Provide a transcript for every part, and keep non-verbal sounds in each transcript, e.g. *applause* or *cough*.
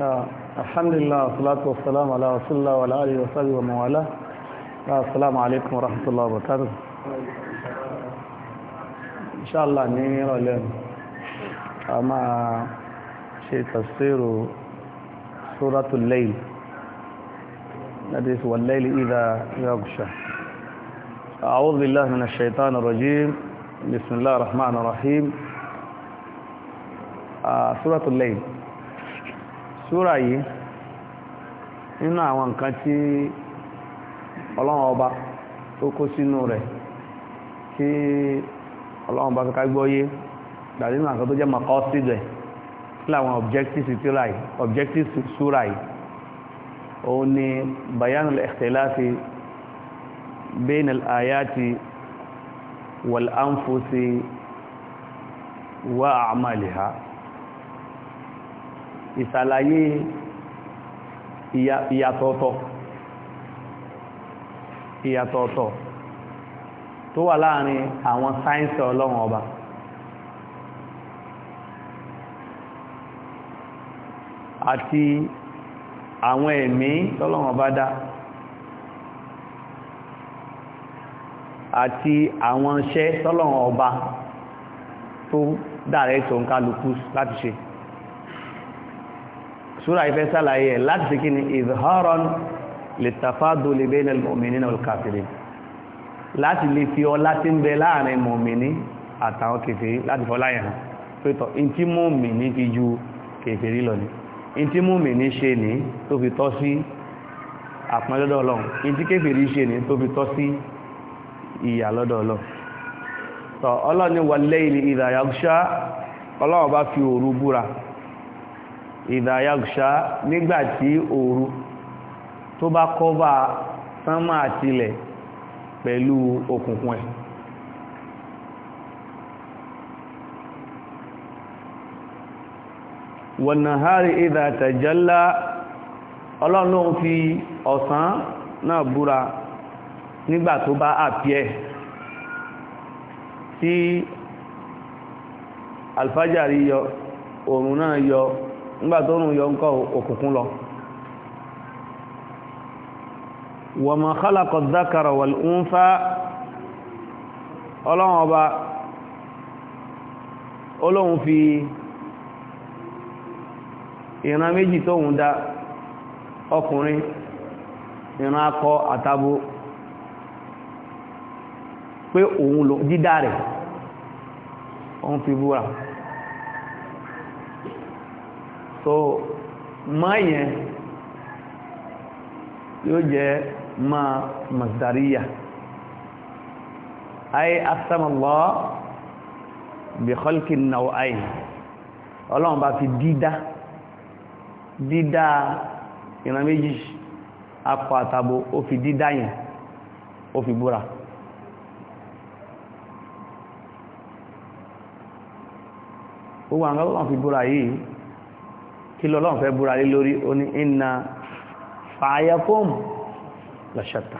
آه، الحمد لله والصلاة والسلام على رسول الله وعلى آله وصحبه ومن والاه آه، السلام عليكم ورحمة الله وبركاته إن شاء الله ní ìrọ̀lẹ́ أما máa تفسير سورة الليل layl that والليل إذا يغشى أعوذ بالله من الشيطان الرجيم بسم الله الرحمن الرحيم Ah, Suratul Layl súra yìí nínú àwọn nǹkan tí ọlọ́run ọba tó kó sínú rẹ̀ tí ọlọ́run ọba kọ́kọ́ gbọ́yé dàbí to àkọ́ tó jẹ́ mọ̀kọ́ síbẹ̀ kí làwọn objectives tíra yìí objectives súra yìí òun ni bayanul ikhtilafi bain al-ayati wal wa a'maliha ìsàlàyé ìyàtọ̀ọ̀tọ̀ ìyàtọ̀ọ̀tọ̀ tó wà láàrin àwọn sáyẹ́ǹsì ọlọ́run ọba àti àwọn ẹ̀mí tọ́lọ́run ọba dá àti àwọn iṣẹ́ tọ́lọ́run ọba tó dàrẹ́ tó ń kálukú láti ṣe súra ìfẹ́ sàlàyé ẹ̀ láti kí ni ìzọ́rọ̀n lè tàfádò lè bẹ́ ilẹ̀ mọ̀mìnì náà kàfìrí láti lè fi ọlá tí ń bẹ láàrin mọ̀mìnì àtàwọn kèfèrí láti fọlá yẹn pẹ́tọ̀ in tí mọ̀mìnì ju kèfèrí lọ ni in tí mọ̀mìnì ṣe ní fi tọ́ sí àpọ́nlọ́dọ̀ ọlọ́run in tí kèfèrí ṣe ní tó fi tọ́ sí ìyà lọ́dọ̀ ọlọ́run tọ́ ọlọ́run ni wal idha yaghsha ọlọ́run bá fi òru búra ìdáyàgùsá nígbàtí òru tó bá kọ́bà sánmà àtilẹ̀ pẹ̀lú òkùnkùn ẹ̀ wọ̀nàhárì ìdà tàjálá ọlọ́run fi ọ̀sán náà búra nígbà tó bá àpíẹ̀ tí alfájàrí yọ oòrùn náà yọ nígbà tó rùn yọ ń kọ́ òkùnkùn lọ wa ma khalaqa dhakara wal untha ọlọ́run ọba olóhun fi ìran méjì tóhun dá ọkùnrin ìran akọ àtabo pé òun lò dídá rẹ̀ òun fi búra so ma yẹn yóò jẹ́ ma masdariya ay asamallah bi khalqin naw'ayn ọlọ́run bá fi dídá dídá ìran méjì akọ àtàbò ó fi dídá yẹn ó fi búra gbogbo àwọn ọlọ́run fi búra yìí kí lọ́lọ́run fẹ́ búra lé lórí ó ní inna fàáyàkóm lọ́ṣọ́ta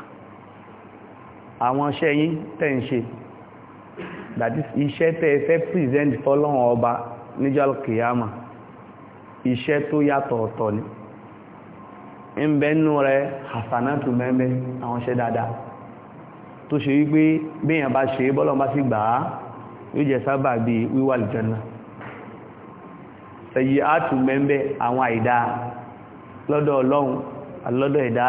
àwọn iṣẹ́ yín tẹ́ ń ṣe dàbí iṣẹ́ tẹ́ fẹ́ present fọ́lọ́run ọba níjọ́ kìyàmà iṣẹ́ tó yàtọ̀ ọ̀tọ̀ ni ń bẹ nú rẹ hasanatu mẹ́mẹ́ àwọn iṣẹ́ dáadáa tó ṣe wípé béèyàn bá ṣe bọ́lọ́run bá sì gbà á yóò jẹ sábà bíi wíwà lìjọ́nà sẹ̀yí àtù mẹ́mbẹ́ àwọn àìdá lọ́dọ̀ ọlọ́run lọ́dọ̀ ẹ̀dá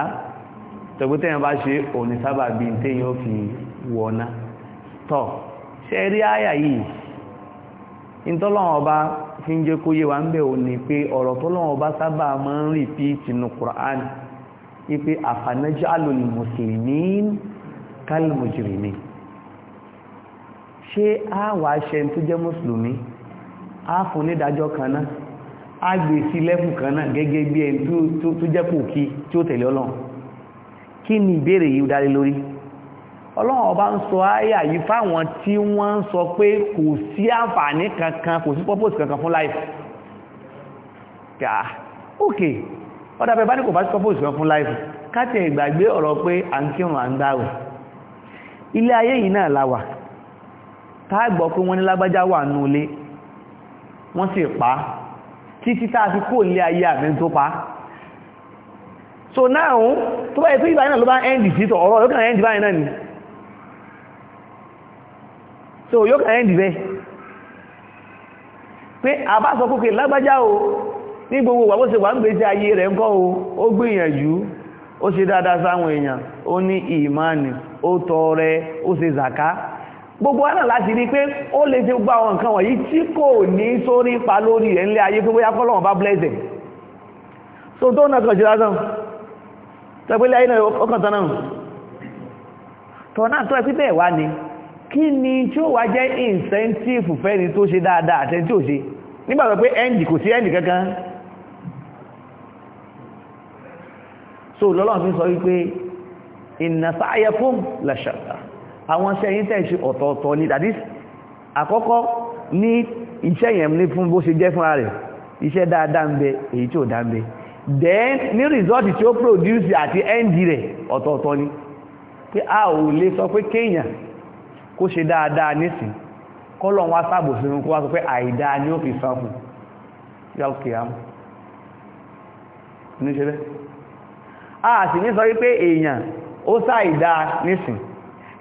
tẹ̀gbẹ́tẹ̀yàn bá ṣe òní sábà bí i tẹ́yìn ó fi wọ̀ná tọ́ ṣe rí àyà yìí in tọ́lọ́run ọba fi ń jẹ́ kó yé wa ń bẹ̀ Qur'an ipe àfànájálòlì mùsùlùmí kálmùjìrìmí ṣé àwà ṣe tó jẹ́ mùsùlùmí a fún ní ìdájọ́ kan náà a gbé sí lẹ́fù kan náà gẹ́gẹ́ bí ẹni tó jẹ́ kò kí tí ó tẹ̀lé ọlọ́run kí ni ìbéèrè yìí darí lórí ọlọ́run ọba ń sọ ayà yìí fáwọn tí wọ́n ń sọ pé kò sí àǹfààní kankan kò sí purpose kankan fún life ok ọ̀dà bẹ̀bá ní kò bá sí purpose kankan fún life káàtẹ̀ ìgbàgbé ọ̀rọ̀ pé à ń kírun à ń dáwẹ̀ ilé ayé yìí náà la wà pé wọ́n ní lágbájá wà nù wọ́n sì pa títí tá a fi kó ilé ayé àmì tó pa so now tó báyìí tó ìgbà náà ló bá ẹ́ndì sí ọ̀rọ̀ yóò kàn ẹ́ndì báyé náà ni so yóò kàn ẹ́ndì bẹ́ pé sọ kókè lágbájá o ní gbogbo wà ń rẹ̀ gbogbo wa náà láti rí pé ó lè ṣe gbogbo àwọn nǹkan wọ̀nyí tí kò ní sórí pa lórí rẹ̀ nílé ayé pé bóyá bá bless so tó náà kàn ṣe lásán tẹ́gbélé ayé náà ọkàn tán náà tọ́ náà tọ́ ẹ sí ni kí ni tí ó wá jẹ́ incentive fẹ́ni tó ṣe dáadáa àtẹni tí ò ṣe nígbàgbọ́ pé end kò sí end kankan so lọ́lọ́run àwọn iṣẹ́ yín tẹ́ ṣe ọ̀tọ̀ọ̀tọ̀ ni that is àkọ́kọ́ ní iṣẹ́ yẹn ní fún bó ṣe jẹ́ fúnra rẹ̀ iṣẹ́ dáadáa ń bẹ èyí tí ò dá ń bẹ then ní result tí ó produce àti end rẹ̀ ọ̀tọ̀ọ̀tọ̀ ni pé a ò lè sọ pé kéèyàn kó ṣe dáadáa nísìn kọ́lọ̀ wá sáàbò sí kó wá sọ pé àìdáa ni ó fi san fún yálùkìyàmù ní sì ní sọ wípé èèyàn ó sáà ìdáa nísìn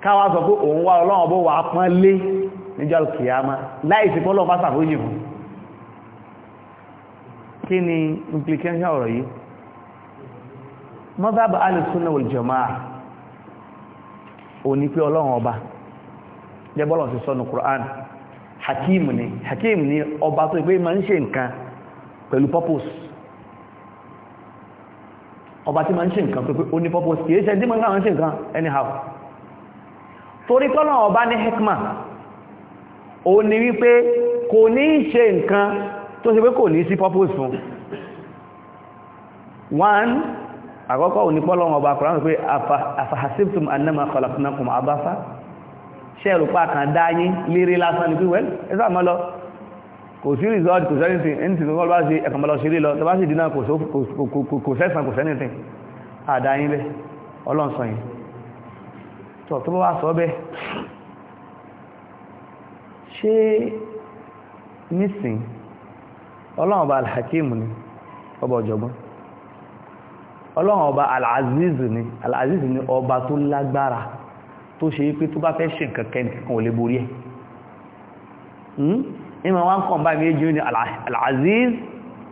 káwà sọ pé òun wá ọlọ́run bó wà pọ́n lé níjọ́ kìyàmá láìsí pọ́lọ́ bá sàfóyì fún kí ni implication ọ̀rọ̀ yìí mọ́sáàbà alìsúnà olùjọmá o ní pé ọlọ́run ọba jẹ́bọ́lọ̀ sí sọ́nù Qur'an hakim ni hakim ni ọba tó pé ma ń ṣe nǹkan pẹ̀lú purpose ọba tí ma ń ṣe nǹkan pé ó ní purpose kìí ṣe dí ma ń ṣe nǹkan anyhow torí pọ́nà ọba ní hekma ó ní wípé kò ní ṣe nǹkan tó ṣe pé kò ní sí purpose fún one àkọ́kọ́ ò ní pọ́nà ọba kọ̀rọ̀ pé afahasibtum annama khalaqnakum abasa ṣẹ́rù pa kan dáyé lérí lásán ní píwẹ́l ẹ̀sà mọ́ lọ kò sí result kò sẹ́ni tí ẹni tí ó bá sí ẹ̀kàn mọ́lọ ṣeré lọ tọ́bá sì dínà kò sẹ́sàn kò sẹ́ni tí àdáyé bẹ́ ọlọ́nsọ yìí tọ̀ tó bá wá sọ bẹ́ẹ̀ ṣé nísìn ọlọ́run ọba alhakim ni ọba ọ̀jọ̀gbọ́n ọlọ́run ọba alaziz ni alaziz ni ọba tó lágbára tó ṣe pé tó bá fẹ́ ṣe nǹkan kẹ́nìkan ò lè borí ẹ̀ ìmọ̀ hmm? wọn kàn bá méjì ní alaziz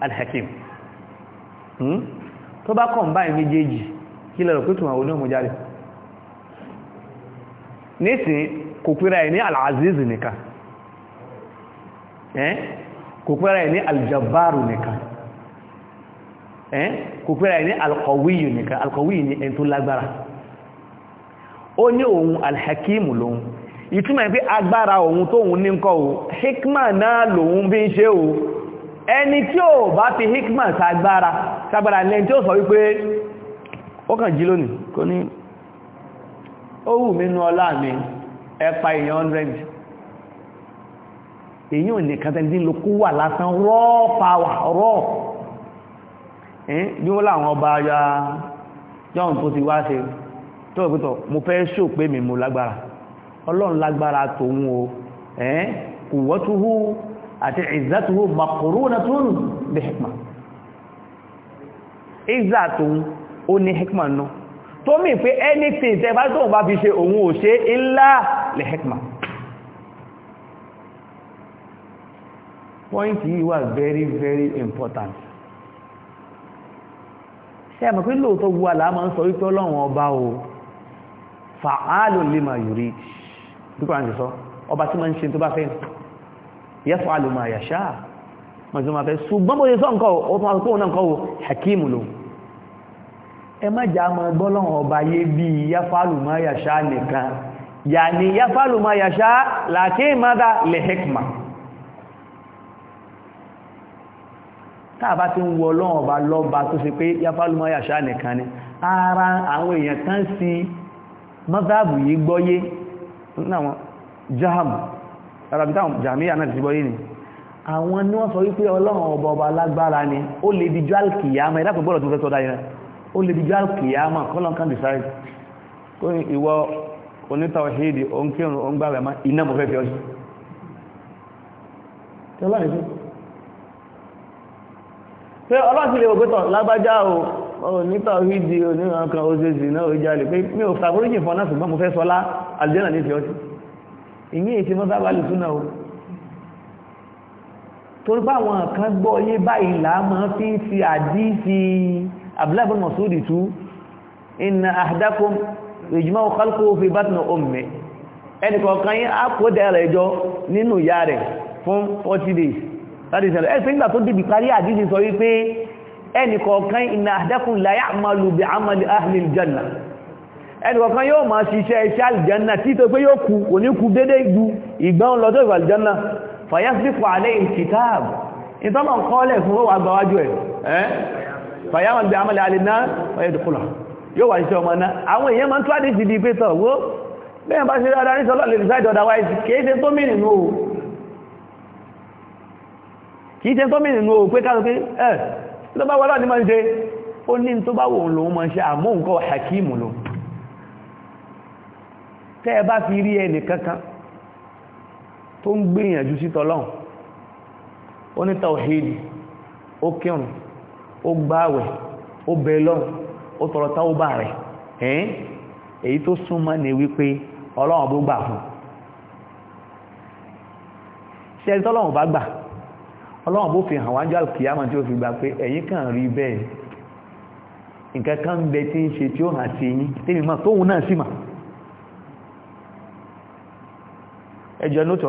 alhakim hmm? tó bá kàn bá méjèèjì kí lẹ́rọ̀ pé tùmọ̀ oníhùn jáde nísìn kò pínra ẹ̀ ní al-aziz nìkan ẹ́n kò pínra ẹ̀ ní al-jabbaru nìkan ẹ́n kò pínra ẹ̀ ní al-qawiyu nìkan al-qawiyu ní ẹni tó lágbára ó ní òun al-hakimu lòun ìtumọ̀ pé agbára òun tó òun ní ńkọ́ hikma náà lòun bí ń ṣe o ẹni tí ó bá fi hikma sagbára sagbára lẹ́ni tí ó sọ wípé ó kàn jí lónìí kò ní ó wù mí nú ọlá mi ẹpa èèyàn 100 èyí ò nìkan tẹ́ndín ló kú wà lásán raw power raw bí wọ́n láwọn ọba ya john tó ti wá ṣe tó ọ̀pẹ́tọ̀ mo fẹ́ ṣò pé mi mo lágbára ọlọ́run lágbára tòun o kò wọ́túhú àti ìzátúhú makòrónà tó ń bẹ̀ẹ̀pà ìzá tòun ó ní tó mì pé anything tẹ́ bá tóun bá fi ṣe òun ò ṣe illa li hikma point yìí wà very very important ṣe àmọ̀ pé lóòótọ́ gbogbo àlá máa ń sọ wípé ọlọ́run ọba o fa'alu lima yurid bí kò ránṣẹ́ sọ ọba tí ma ń ṣe tó bá fẹ́ yaf'alu ma yasha mọ̀sí ma fẹ́ ṣùgbọ́n bó ṣe sọ nǹkan o ó tún wá pé òun náà nǹkan ẹ má jà mọ́ gbọ́lọ́wọ́ ọba yé bí yáfàlùmọ́ yàṣá nìkan yà ní yáfàlùmọ́ yàṣá làkí mada lehekma táàbá ti ń wọ ọlọ́run ọba lọ́ba tó ṣe pé yáfàlùmọ́ yàṣá nìkan ni ara àwọn èèyàn tán sí mọ́sáàbù yìí gbọ́yé náwọn jahamu arabi táwọn jamiya náà ti gbọ́yé ni àwọn ni wọ́n sọ wípé ọlọ́run ọba ọba lágbára ni ó lè di jálkìyà mọ́ ìdápẹ̀gbọ́rọ̀ tó fẹ́ sọ́dá yẹn ó lè dìjọ́ alkiyama kọ́lọ̀kan decide kó ìwọ onítàwọ̀ṣídì oúnkírùn oúngbàwẹ̀ má iná mọ̀ fẹ́ fi ọṣí tí ọlọ́rin sí pé ọlọ́sí lè ògbétọ̀ lágbájá o onítàwọ̀ṣídì onírankan oṣèṣì náà ó jálè pé mi ò fàbóríjì fọ́nà ṣùgbọ́n mo fẹ́ sọlá àlùjẹ́nà ní fi ọṣí ìyí èsì mọ́sábàlì o torí pé àwọn kan gbọ́ yé báyìí abdullahi bin mas'ud tu inna ahdakum yujma'u khalquhu fi batni ummi ẹni kọ̀ọ̀kan yín á kó dẹ̀ rẹ̀ jọ nínú ìyá rẹ̀ fún 40 days láti ìṣẹ̀lẹ̀ ẹ̀sìn ìgbà tó dìbì parí àdíjì sọ wípé ẹni kọ̀ọ̀kan inna ahdakum la ya'malu bi 'amali ahli al-janna ẹni kọ̀ọ̀kan yóò máa ṣiṣẹ́ iṣẹ́ aljanna tí tó pé yóò kú kò ní kú dédé ju ìgbọ́n lọ́jọ́ ìwà aljanna fayasbiqu alayhi kitab ìtọ́lọ̀ kọ́lẹ̀ fún ó wà gbáwájú fàyàwọn bí àmàlẹ̀ alẹ́ náà ọ̀yẹ́dùkúlọ̀ yóò wà iṣẹ́ ọmọ náà àwọn èèyàn máa ń tíwádìí ti di pé tọ̀ wó bẹ́ẹ̀ bá ṣe dáadáa nítorí ọlọ́lẹ̀ decide otherwise kìí ṣe tó mìnì nù o kìí ṣe tó mìnì nù o pé káàkiri ẹ̀ tó bá ó ní tó bá hakim lò tẹ́ ẹ bá fi rí ẹnì kankan tó ń gbìyànjú ó ní tawhid ó gbààwẹ̀ ó bẹ ó tọrọ táwọ́bà rẹ̀ ẹ́n èyí tó súnmọ́ wípé ọlọ́run bó gbà fún ṣe ẹni tọ́lọ́run bá gbà ọlọ́run bó fi hàn wájú àkìyàmọ̀ tí ó fi gbà pé ẹ̀yin kàn rí bẹ́ẹ̀ nǹkan kan bẹ tí ń ṣe tí ó hàn sí yín tí mi mọ̀ náà sí mà ẹjọ́ tó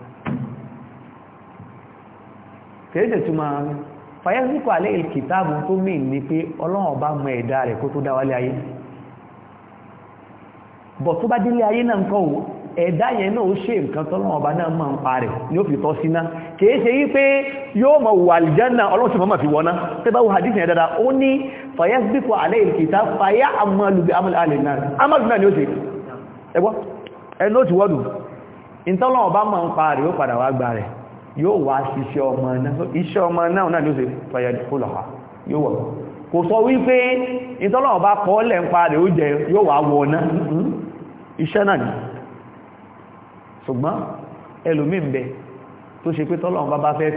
kéèdè tó máa ń fàyẹ́sìkò alẹ́ ìkìtàbù tó mì ní pé ọlọ́run bá mọ ẹ̀dá rẹ̀ kó tó dáwálé ayé bọ̀ tó bá délé ayé náà nǹkan ò ẹ̀dá yẹn náà ó ṣe nǹkan tọ́lọ́run ọba náà máa ń pa rẹ̀ ní ó fi tọ́ sí kìí ṣe yí pé yóò mọ̀ wà àlìjánà ọlọ́run sì mọ́ fi wọ́ná tẹ́ bá hadith yẹn dáadáa ó ní fàyẹ́sìkò alẹ́ ìkìtà fàyà àmàlùgbé àmàlùgbé náà àmàlùgbé náà ni ó ṣe ẹgbọ́ ẹ̀ ló ti wọ́dù ìtọ́lọ́run ọba máa ń pa rẹ̀ ó padà wá gba rẹ̀ yóò wá ṣiṣẹ́ ọmọ náà iṣẹ́ ọmọ náà náà ló ṣe fàyẹ̀dì fún ha. yóò wọ̀ kò sọ wípé ìtọ́lọ́wọ́ bá kọ́ lẹ̀ ń parẹ̀ ó jẹ yóò wá wọ náà iṣẹ́ náà ni ṣùgbọ́n ẹlòmí ń bẹ tó ṣe pé tọ́lọ́wọ́ bá fẹ́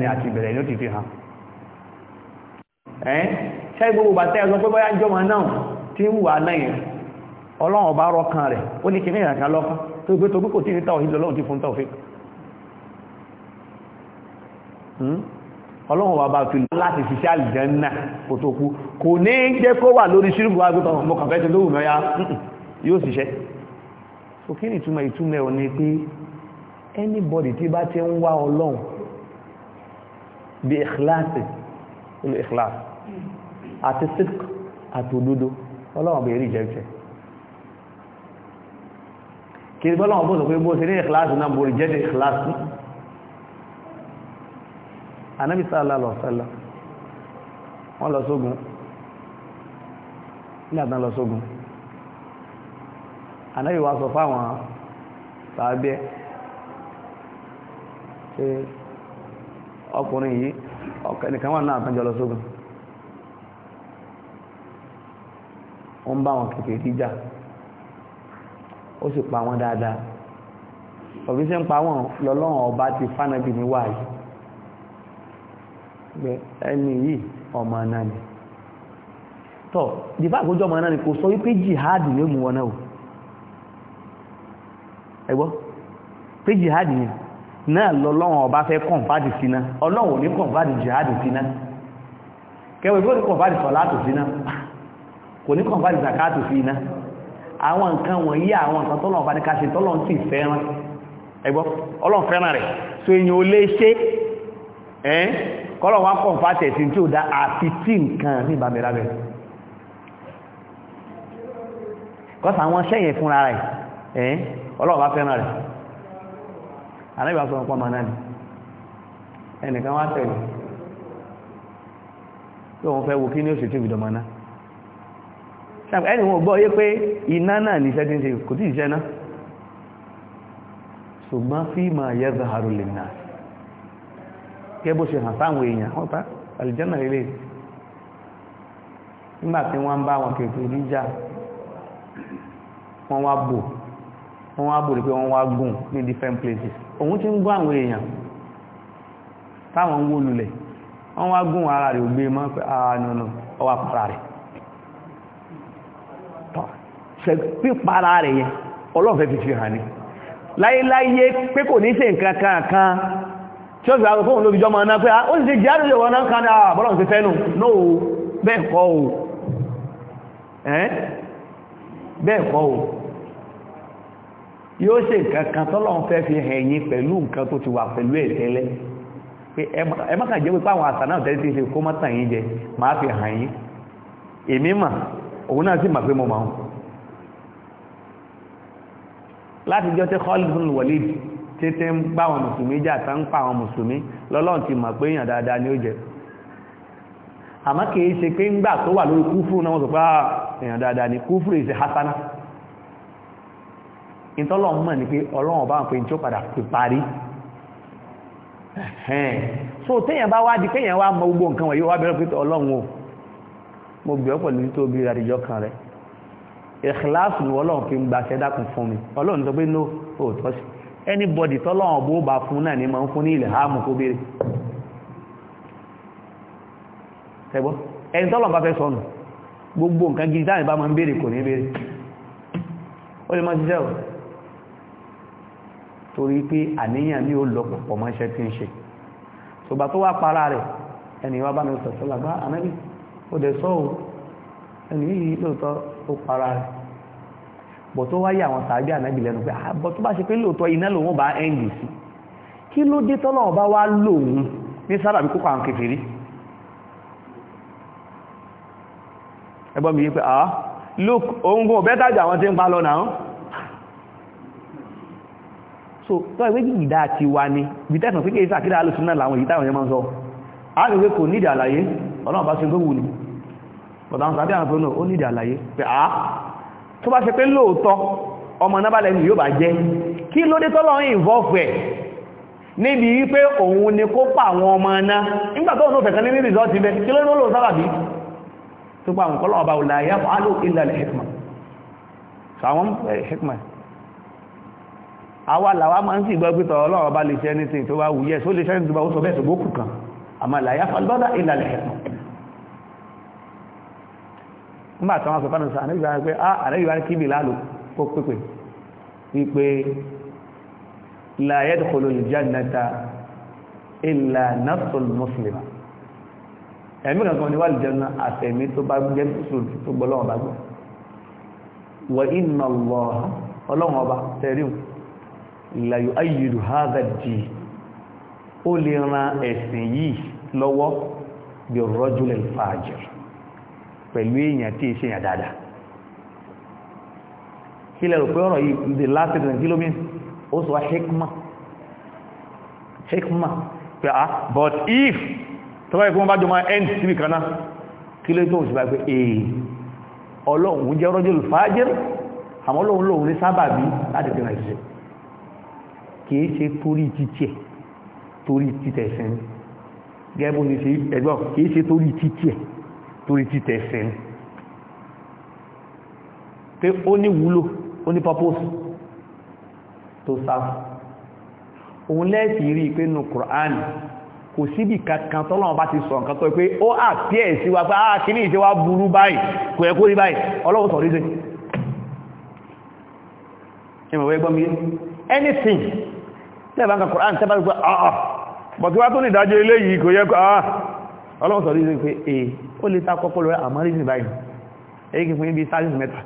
ni àti ìbẹ̀rẹ̀ ló ti fi hàn ẹ́ ṣẹ́ gbogbo bàtẹ́ ẹ̀sọ́ pé bọ́yá jọmọ náà tí ń wà náà yẹn ọlọ́run bá rọ́kàn rẹ̀ ó ní kìnnìyàn kan lọ́kàn tó gbé ti fún tàwọn ọlọ́run wà bá fi láti fi sí àlìjánná kò tó kú kò ní jẹ́ kó wà lórí ṣírùkù wá gbọ́tọ̀ ọmọ kàfẹ́ tó mẹ́ya yóò ṣiṣẹ́ so kí ni ìtumọ̀ ìtumọ̀ ẹ̀ ní pé anybody tí bá ti ń wá ọlọ́run bí ìkìláàsì olú ìkìláàsì àti sík àti òdodo ọlọ́run bèèrè ìjẹ́jẹ́ kí ni bọ́lọ́run bó sọ pé bó ṣe ní ìkìláàsì náà anábì sallallahu alaihi wasallam wọ́n lọ sógun nígbàtán lọ sógun anábì wa sọ fáwọn sàábẹ́ pé ọkùnrin yìí ọ̀kẹ́nìkan wà náà tán jọ lọ sógun ó ń bá wọn kèfèé jíjà ó sì pa wọn dáadáa òbí sí ń pa wọn lọ́lọ́run ọba ti fánàbì ní wáyìí ẹni yìí ọmọ náà ni tọ́ dìbà àgbójọ́ ọmọ náà ni kò sọ wípé jihad yóò mú wọn náà ẹgbọ́ pé jihad yìí náà lọ́lọ́wọ́n ọba fẹ́ kọ̀nfàdì síná ọlọ́wọ́ ní kọ̀nfàdì jihad síná kẹwẹ́ bí ó ní kọ̀nfàdì sọ̀látò síná kò ní kọ̀nfàdì zakátò síná àwọn nǹkan wọ̀nyí àwọn nǹkan tọ́lọ̀ ọba ní ká ṣe tọ́lọ̀ sì fẹ́ràn ẹgbọ́ ọlọ́run fẹ́ràn rẹ̀ so èèyàn ò lè ṣe ẹ́ kọ́lọ̀ wọn kọ̀ fàtẹ̀ sí tí ó dá àti tí nǹkan ní ìbámẹ́lábẹ̀ kọ́sà wọn sẹ́yìn fúnra rẹ̀ ẹ̀ ọlọ́ọ̀bá fẹ́ràn rẹ̀ anábìbá sọ ọ̀pọ̀ màná ni ẹnìkan wá tẹ̀lé tí wọ́n fẹ́ wo kí ní oṣù tí ìbìdọ̀ màná ẹni wọn gbọ́ yé pé iná náà ní iṣẹ́ tí ń ṣe kò tí ìṣẹ́ náà ṣùgbọ́n fíìmà yẹ́ zaharu lè náà kẹ́bó ṣe hàn sáwọn èèyàn ọ̀tá àlìjẹ́nà lè nígbà tí wọ́n ń bá wọn kẹfẹ́ níjà wọ́n wá bò wọ́n wá bò rí wọ́n wá gùn ní different places òun ti ń gún àwọn èèyàn táwọn ń wó lulẹ̀ wọ́n wá gùn ara rẹ̀ ògbé mọ́ pé ààrùn ah, ọwà para rẹ̀ pípara rẹ̀ yẹn ọlọ́fẹ́ fi fi hàn ní láíláyé pé kò ní ṣe nǹkan kan kan tí ó gbàgbé fóònù lóbi jọmọ náà pé ah, ó sì ṣe jẹ́rù yóò wọ́n náà kan náà ah, bọ́lọ̀ sí fẹ́nu náà bẹ́ẹ̀ kọ́ o ẹ́n bẹ́ẹ̀ kọ́ o yóò ṣe kankan tọ́lọ́n fẹ́ fi hẹ̀yìn pẹ̀lú nǹkan tó ti wà pẹ̀lú ẹ̀ tẹ́lẹ̀ pé ẹ má kàn jẹ́ pé àwọn àṣà náà tẹ́lẹ̀ ti ṣe kó má tàn yín jẹ máa fi hàn yín èmi mà òun náà sì mà pé láti jọ tẹ́ Khalid bin Walid títí ń bá àwọn mùsùlùmí jà tán ń pa àwọn mùsùlùmí lọ́lọ́run ti mọ̀ pé èèyàn dáadáa ni ó jẹ́ àmọ́ kìí ṣe pé ń gbà tó wà lórí kúfúrú náà wọ́n sọ pé ah, èèyàn dáadáa ni kúfúrú ìṣe hasana ìtọ́lọ̀ mọ̀ ní pé ọlọ́run bá ń pè tí ó padà pè parí so téèyàn bá wá di kéèyàn wá mọ gbogbo nǹkan wọ̀nyí wá o mo gbẹ̀ ìkìláàsì ni ọlọ́run fi ń gbaṣẹ́ dákun fún mi ọlọ́run sọ pé no òótọ́ sí anybody tọ́lọ́wọ̀n bó bá fún náà ma ń fún ní ilẹ̀ ààmù kó béèrè ṣẹgbọ́ ẹni tọ́lọ́wọ̀n gbogbo nǹkan gidi dáàrin bá ma ń béèrè kò ní béèrè ó lè má o, torí pé àníyàn ní ó lọ wa para re ẹni wá bá mi o de bọ̀ tó wáyé àwọn sàábí ànábì lẹ́nu pé àbọ̀ ah, tó bá ṣe pé lóòótọ́ iná lòun bá ẹ́ǹgì sí kí ló dé tọ́lọ́run bá wá lòun ní sábàbí kókò àwọn kèfèrí ẹgbọ́n mi yí pé àá ah, look ohun gbọ́n bẹ́ẹ̀ tàjà àwọn tí ń pa lọ náà so tọ́ ìwé ìdá àti wa ni bí tẹ́sàn pínkẹ́ ìsà kíra alùsùn náà làwọn ìyítà òyìnbọn sọ a lè wé kò nídìí àlàyé ọlọ́run bá ṣe gbówù ni bọ̀dá àwọn sàbí àwọn tó náà ó nídìí àlàyé pé àá ah, tó bá ṣe pé lóòótọ́ ọmọ náà balẹ̀ ni yóò bá jẹ́ kí ló dé tọ́lọ́ involve ẹ̀ níbi wípé òun ni kó pa àwọn ọmọ náà nígbà tó òun fẹ̀kan ní rìsọ́ọ̀tì bẹ́ kí ló ní olóòótọ́ sábàbí tó pa àwọn kọ́lọ́ ọba òlà ìyá fàálù illa li hikma sàwọn eh, hikma àwa làwa máa ń sì gbọ́ pé tọ̀rọ̀ ọlọ́run ọba lè ṣe anything tó bá wù yẹ́ só lè ṣe anything tó bá ó sọ bẹ́ẹ̀ sọ gbókù nígbà tí wọ́n sọ fánà sọ ànábì wá pé ah ànábì wá kí Bilal kó pépè wípé la yadkhulul jannata illa nafsul muslima ẹ̀mí kankan ni wà lè jẹun àtẹ̀mí tó bá jẹ́ mùsùlùmí tó gbọ́ lọ́wọ́ bá gbọ́ wa inna Allah ọlọ́run ó lè ran ẹ̀sìn yìí lọ́wọ́ bí rajulil fajir pẹ̀lú èèyàn tí èṣe èèyàn dáadáa kí lẹ́rù pé ọ̀rọ̀ yìí the last season kí ló mean ó sọ hikma hikma pé ah but if tọ́wọ́ ìkún bá jọmọ end síbi kan náà kí ló tó ń ṣùgbà pé èè ọlọ́run jẹ́ rọ́jò fàájẹ́ àmọ́ ọlọ́run lòun ní sábàbí láti fi ràn ìṣẹ́ kìí ṣe torí títẹ̀ torí títẹ̀ sẹ́ni gẹ́gbọ́n ní ṣe ẹgbọ́n kìí ṣe torí títẹ̀ torí ti tẹ̀sìn pé ó ní wúlò ó ní purpose tó sáfù òun lẹ́ẹ̀sì rí pé nù Kùránì kò síbì kankan tọ́lọ́wọ́n bá ti sọ nǹkan tó pé ó àpíẹ̀ sí wa pé àà kí ní ìṣẹ́ wá burú báyìí kò ẹ̀kó rí báyìí ọlọ́wọ́ sọ ríze ìmọ̀wẹ́ gbọ́n mi anything tẹ́bàá nǹkan Kùránì tẹ́bàá gbọ́ ọlọ́run sọ̀rọ̀ ìrìn pé e ó lè ta kọ́kọ́ lọ́rẹ́ àmọ́ rí ní báyìí èyí kí fún ibi sáyẹ̀nsì mẹ́ta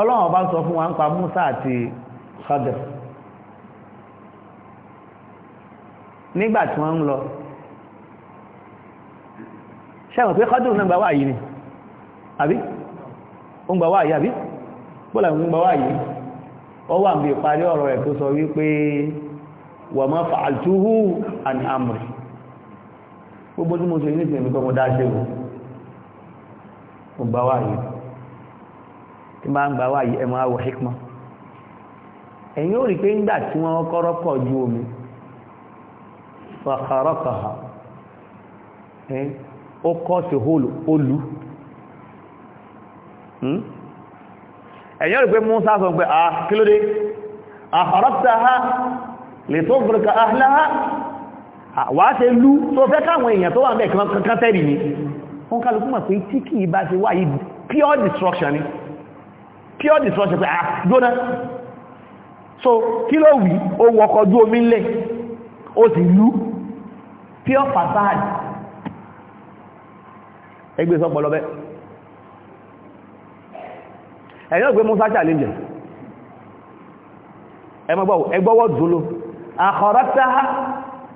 ọlọ́run bá sọ fún wa ń pa Musa àti Khadir nígbà tí wọ́n ń lọ ṣẹ́wọ̀n pé Khadir náà gbà wá yìí ni àbí ó ń gbà wá yìí àbí bọ́lá ń gbà wá yìí ọ wà ń ọ̀rọ̀ rẹ̀ tó sọ wípé wà má fa'altuhu an amri gbogbo tí mo ṣe ní ìsinmi kọ́ mo dá ṣe wò mo gbà wáyé tí máa ń gbà wáyé ẹ máa wọ hikma ẹ̀yìn ò rí pé ńgbà tí wọ́n kọ́rọ́kọ̀ ju omi fàkàrọ́kàá ó kọ́ sí hólù olú hmm? ẹ̀yìn ò rí pé Mùsá sọ pé à ah, kílódé àkàrọ́kàá ah, lè tó gbọ́rọ̀kà ahìláha wà á ṣe lú tó fẹ́ káwọn èèyàn tó wà mẹ́ kankan tẹ́rì ní wọ́n kálukú mọ̀ pé tí kìí bá ṣe wáyé pure destruction ni pure destruction pé à ah, jóná so kí ló wí ó wọkọ̀ ojú omi lẹ̀ ó sì lú pure facade ẹgbẹ́ sọpọlọbẹ́ ẹ̀yọ́ ìgbé musa challenge ẹgbọ́wọ́ dúró àkọ̀rọ̀ta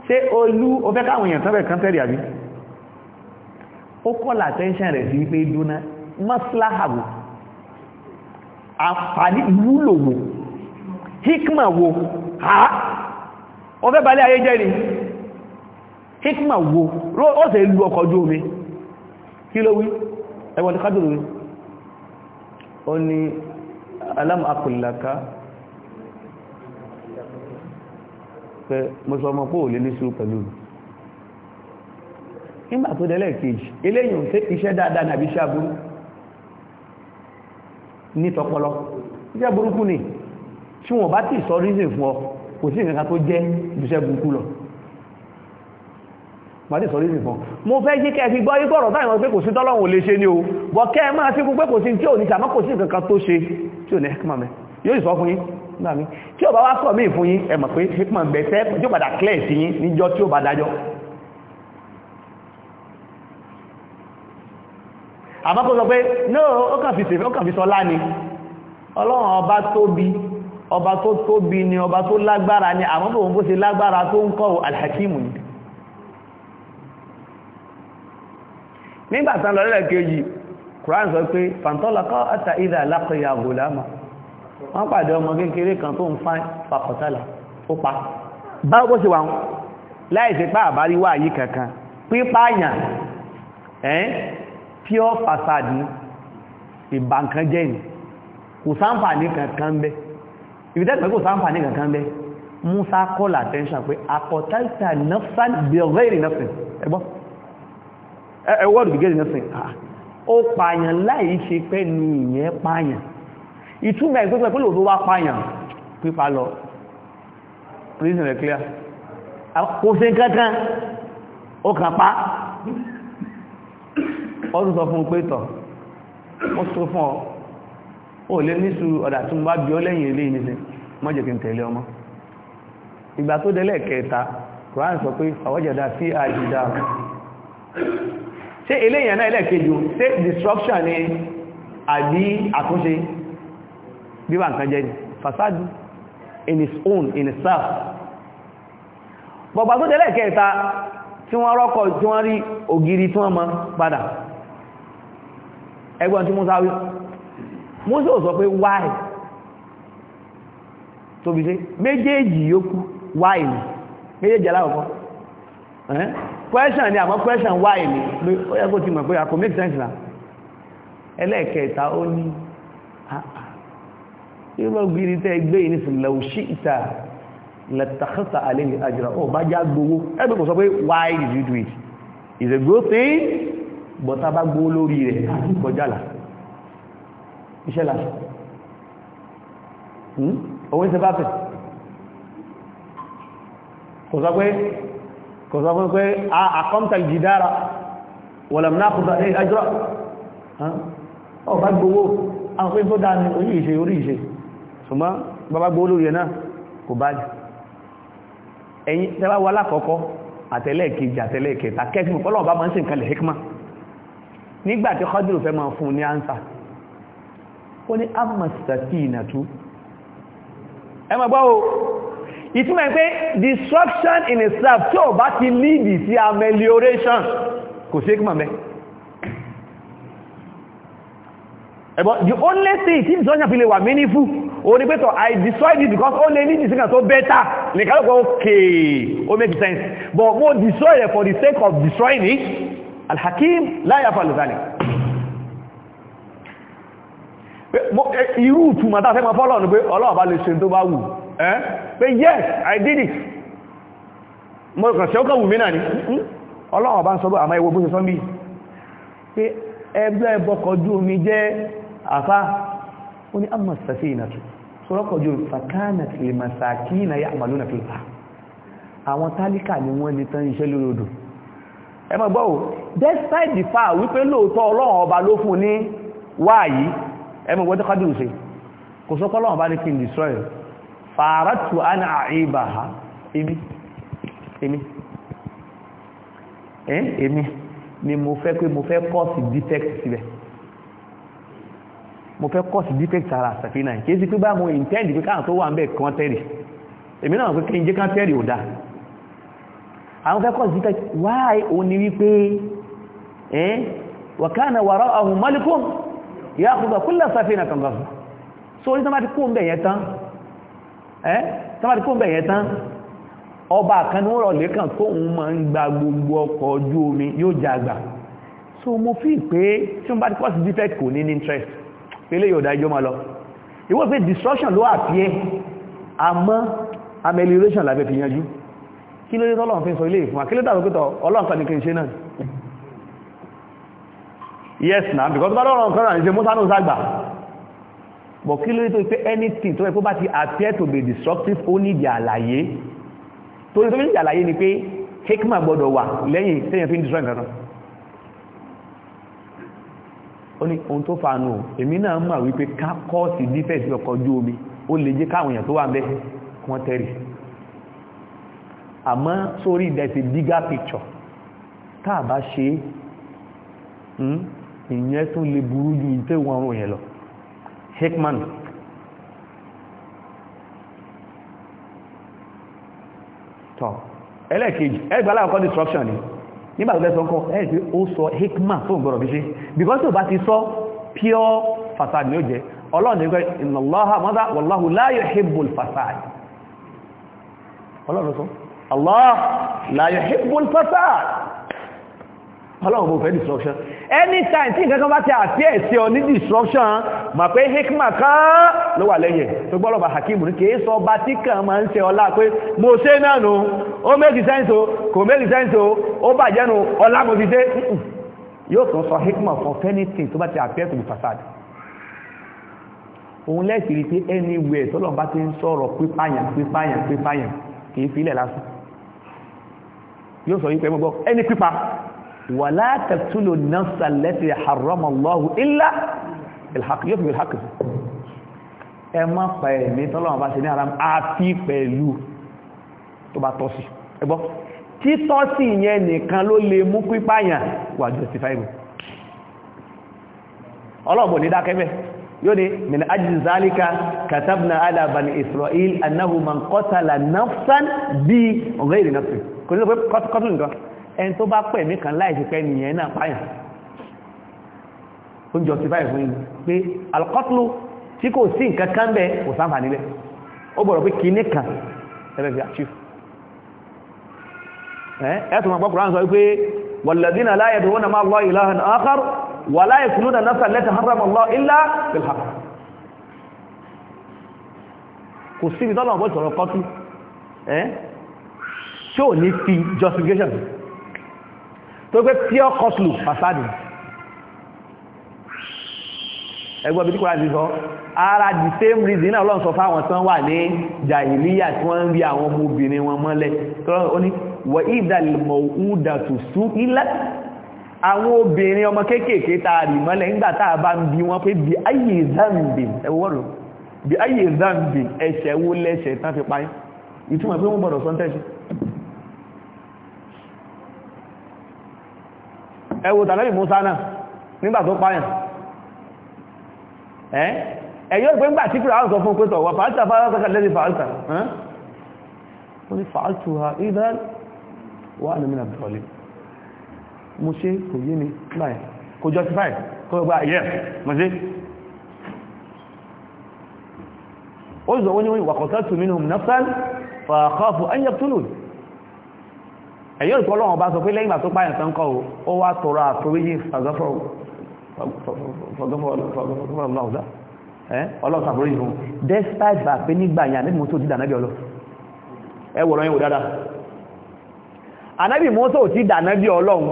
ṣe olú o fẹ́ káwọn èèyàn tọ́bẹ̀ kan tẹ́rì àbí ó kọ́lá tẹ́ṣẹ́ rẹ̀ sí pé dúná mọ́síláhàwò àǹfààní ìwúlò wo hikma wo ha o fẹ́ balẹ̀ ayé jẹ́ ni hikma wo ó sì lu ọkọ̀ ojú omi kí ló wí ẹwọ̀n ti kájò lórí ó ní alam akullaka pé mo sọ ọmọ pé ò lè ní sùúrù pẹ̀lú mi nígbà tó délẹ̀ kejì eléyìí ò iṣẹ́ dáadáa nàbí iṣẹ́ aburú ní tọpọlọ iṣẹ́ burúkú ni tí wọ́n bá ti sọ reason fún ọ kò sí nǹkan tó jẹ́ iṣẹ́ burúkú lọ pàdé sọ lórí nìkan mo fẹ́ jí kẹ́ fi gbọ́ yí gbọ́rọ̀ táwọn pé kò sí tọ́lọ́wọ̀n o bọ̀ kẹ́ máa fi kún pé kò sí tí ò ní sàmọ́ kò sí nǹkan kan tó ṣe tí ò gbàmí tí ọba wá sọ mí fún yín ẹ mọ̀ pé hikman gbẹ̀sẹ̀ tí ó padà clear sí yín níjọ́ tí ó bá dájọ́ àbákò sọ pé no ó kàn fi sèfẹ́ ó kàn fi sọ láni ọlọ́run ọba tóbi ọba tó tóbi ni ọba tó lágbára ni àmọ́ bò ń bó ṣe lágbára tó ń kọ́ alhakimu ni nígbàtán lọ́lẹ́lẹ́kejì Quran sọ pé fàntọ́lọ́kọ́ àtà ìdà lákọ̀ọ́yà gòlámà wọ́n pàdé ọmọ kékeré kan tó ń fa fakọ̀tàlà ó pa báwo bó ṣe wà wọn láìsí pa àbárí wà yí kankan pípààyàn ẹ́n pure facade ní ìbànkan jẹ́ ní kò sáǹfàní kankan bẹ́ ìfìdẹ́pẹ̀ kò sáǹfàní kankan bẹ́ Musa call attention pé akọ̀tàlà nafsan bẹ̀rẹ̀ nafsan ẹgbọ́ ẹwọ́dù bẹ̀rẹ̀ nafsan ah, ó pààyàn láìsí pẹ́ ní ìyẹn pààyàn ìtúmẹ̀ ìgbẹ́gbẹ́ pẹ́lú òdó wá pààyàn pípa lọ prison rẹ̀ clear kò sí kankan ó kàn pa ọdún sọ fún pé tọ̀ ó sọ fún ọ ó lé nísù ọ̀dà tó bá bí ọ lẹ́yìn ilé ìníṣẹ́ mọ́jẹ̀ kí n tẹ̀lé ọmọ ìgbà tó délẹ̀ kẹta Quran sọ pé àwọ́jẹ̀dá sí àjídá ṣe eléyìn náà ẹlẹ́kejì ṣe destruction ni àbí àtúnṣe bíbá nǹkan jẹ́ ni in his own in his self bọ̀gbà tó tẹ́lẹ̀ kẹta tí wọ́n rọ́kọ̀ tí wọ́n rí ògiri tí wọ́n mọ́ padà ẹgbọ́n tí Musa wí Musa ò sọ pé why tóbi sí méjèèjì yókù why ni méjèèjì aláwọ̀kọ́ question ni àmọ́ question why ni ó yẹ kó ti mọ̀ pé àkó make sense na ẹlẹ́ẹ̀kẹta ó ní àà ah, ah ìmọ̀ gírí tẹ́ gbé ní sílẹ̀wòṣí ìta lẹ́tàkítà àlèyìn àjírà ọ bá já gbówó ẹgbẹ́ kò sọ pé why did you do it is a good thing but a bá gbówó lórí rẹ̀ kọjálà iṣẹ́ láti ọwọ́ ìṣẹ́ bá fẹ̀ kò sọ pé kò sọ pé pé àkọ́mta ìjìdára àjírà ọ bá gbówó àwọn pé tó dáa ní orí ìṣe ṣùgbọ́n bàbá gbó lórí ẹ̀ náà kò bá jù ẹ̀yìn tẹ́bá wà lákọ̀ọ́kọ́ àtẹ́lẹ́ẹ̀kejì àtẹ́lẹ́ẹ̀kẹta kẹ́sìmù pọ́lọ̀ bá máa ń ṣe nǹkan lè hikma nígbàtí kọ́dùrù fẹ́ máa fún ní ánsà ó ní amastati ìnàtú ẹ máa gbọ́ o ìtumọ̀ pé disruption in itself tí ò bá ti lead amelioration kò sí hikma ẹ̀bọ̀ the only thing tí ìsọ́nà fi lè wà meaningful o ní pẹ́tọ̀ I destroy it because ó lè ní ìsìnkà tó better lè kàrọ̀kọ́ okay o make sense but mo destroy it for the sake of destroying it alhakim láyà falùzálẹ̀ irú ìtumọ̀tá fẹ́ ma fọ́lọ̀ ní pé Ọlọ́run bá lè ṣe tó bá wù ẹ́ pé yes I did it mo kàn ṣe ó kàn wù mí náà ni hmm? Ọlọ́run bá ń sọ bó àmà ìwò bó ṣe ẹgbẹ́ ẹbọkọ̀ ojú omi jẹ́ àfá ó ní àmà sàfíìnàtù sọ́rọ́kọ̀jú fàkánà tí lè màsàkí na yà àmàlúnà fi pa àwọn tálíkà ni wọ́n ní tán iṣẹ́ lórodò ẹ má gbọ́ o despite the fact wípé lóòótọ́ ọlọ́run ọba ló fún ní wáàyí ẹ má gbọ́ tó kádùn ṣe kò sọ́kọ́ ọlọ́run ọba ní kí n destroy fàárátù àná àìbàhá èmi èmi èmi ni mo fẹ́ pé mo fẹ́ kọ́ọ̀sì defect síbẹ̀ mo fẹ́ kọ́sì detect ara sàfihàn kìí sí pé bá mo intend pé káà tó wà ń bẹ̀ kan tẹ́rì èmi náà pé kí n jẹ́ kan tẹ́rì ò dá àwọn fẹ́ kọ́sì detect why o ní wípé ẹ́n wa kana wara'ahum malikun ya'khudhu kulla safinatin ghasba so orí tamati kó ń bẹ̀ yẹn tán ẹ́ tamati kó ń bẹ̀ yẹn tán ọba kan ní wọ́n rọ̀ lẹ́kàn tóun máa ń gba gbogbo ọkọ̀ ojú omi yóò jagbà so mo fi pé tí wọ́n bá ti kọ́sì detect kò ní interest pẹ̀lẹ̀ yóò dájọ́ ma lọ ìwọ́n pé destruction ló àpíẹ́ àmọ́ amelioration lábẹ́ fi yanjú kí ló dé tọ́lọ̀ fi sọ ilé ìfún akílé tàbí pẹ́tọ̀ ọlọ́nkan ní kí n ṣe náà yes na because bá lọ́rọ̀ nǹkan rà ní ṣe mọ́sánù sàgbà but kí ló dé anything tó yẹ to be destructive ó nídìí àlàyé tó ní tó ní àlàyé ni pé hekima gbọ́dọ̀ wà lẹ́yìn tẹ́yìn fi náà ó ní ohun tó fanu èmi náà mọ̀ wípé kọ́ọ̀sì dífẹ̀sì ọkọ̀ ojú omi ó lè jẹ́ káwọn èèyàn tó wà bẹ́ẹ̀ wọ́n tẹ̀rì àmọ́ sórí there's a bigger picture tá a bá ṣe hmm, ìyẹn tún lè burú ju ìtẹ́wọ̀n ọ̀rọ̀ yẹn lọ ẹgbẹ́ aláwọ̀kọ́ destruction ni nígbà tó fẹ́ sọ nǹkan ẹ̀ pé ó sọ hikma tó ń bí ṣe because tó bá ti sọ pure fasad ni ó jẹ́ ọlọ́run ní pé inna Allaha mọ́dá wallahu la yuhibbul fasad ọlọ́run sọ Allah la ọlọ́run mo fẹ́ disruption anytime tí nǹkan kan bá ti àti ẹ̀sẹ̀ ọ ní disruption mà pé hikma kan ló wà lẹ́yìn tó gbọ́ lọ́ba hakim ní kìí sọ bá tí kan máa ń ṣe ọlá pé mo ṣe náà nù ó make sense o kò make sense o ó bàjẹ́ nu ọlá mo fi ṣe yóò tún sọ hikma for anything tó bá ti àti ẹ̀sẹ̀ fasad òun lẹ́sìn rí pé anywhere tọ́lọ́run bá ti ń sọ̀rọ̀ pípáyàn pípáyàn pípáyàn kìí fi ilẹ̀ lásán yóò sọ yí pé mo gbọ́ Any pípa ولا تقتلوا النفس التي حرم الله الا الحق يطلب الحق ẹ má pa ẹ̀mí tọ́lọ́wọ́n bá ṣe ní àrám àfi pẹ̀lú tó bá tọ́ sí ẹ gbọ́ títọ́ sí ìyẹn nìkan ló lè mú pípàyàn wà justifiable ọlọ́ọ̀bọ̀ ní dákẹ́bẹ̀ yóò ní min ajli zalika katabna ala bani israel annahu man qatala nafsan bi ghayri nafsin kò ní sọ pé qatl nǹkan ẹni tó bá pẹ̀mí kan láìsí pẹ́ nìyẹn náà páyàn ó ń justify fún yìí pé alkọ́tùlù tí kò sí nǹkan kan bẹ́ẹ̀ kò sáfà nílẹ̀ ó gbọ́dọ̀ pé kìíní kan ẹ̀rẹ́ fi achieve ẹ̀ẹ́tù ma gbọ́kùnrán sọ wípé wàlàdínà láyé tó wọ́n na máa lọ kò sí ìtọ́lọ̀ ọ̀pọ̀ sọ̀rọ̀ kọ́tù ẹ́ ṣó ní fi justification tó pé pure coslo fasadi ẹgbọ́n bí kúrò àti sọ ara the same reason náà lọ́n sọ fáwọn tán wà ní jahiliya tí wọ́n ń rí àwọn ọmọbìnrin wọn mọ́lẹ̀ tó ó ní wà ìdàlìmọ̀ òúdà tó sú ilẹ̀ àwọn obìnrin ọmọ kéékèèké tààrí mọ́lẹ̀ nígbàtà bá ń bí wọn pé bí ayé zambi ẹwọ́rọ̀ bí ayé zambi ẹ̀ṣẹ̀ wó lẹ́ṣẹ̀ tán fi páyín ìtumọ̀ pé wọ́n gbọ́dọ̀ sọ́ntẹ́ṣẹ́ ẹwọ tàbí Musa náà nígbà tó páyàn ẹ̀yọ́ ìpé ńgbà tí fìràwọ̀ sọ fún pẹ́tọ̀ wà fàáltà fàáltà lẹ́dí fàáltà ó ní fàáltù ha ìdán wà ní mìíràn bẹ̀rọ̀lẹ̀ mo ṣe kò yé mi láì kò justify kò gbà yẹ mo ṣe ó zọ̀wọ́ ní wàkọ̀tà tùmínú nafsan fàákọ́fù an yaqtulun ẹ̀yọ́ ìpọ́ lọ́wọ́ bá sọ pé lẹ́yìn tó páyàn tán kọ́ ó wá tọrọ àforíjì ọlọ́sàforíjì fún despite bá pé nígbà yà níbi mọ́tò dídà náàbí ọlọ́ ẹwọ̀rọ̀ yíò dáadáa anábì mọ́tò tí dànábí ọlọ́run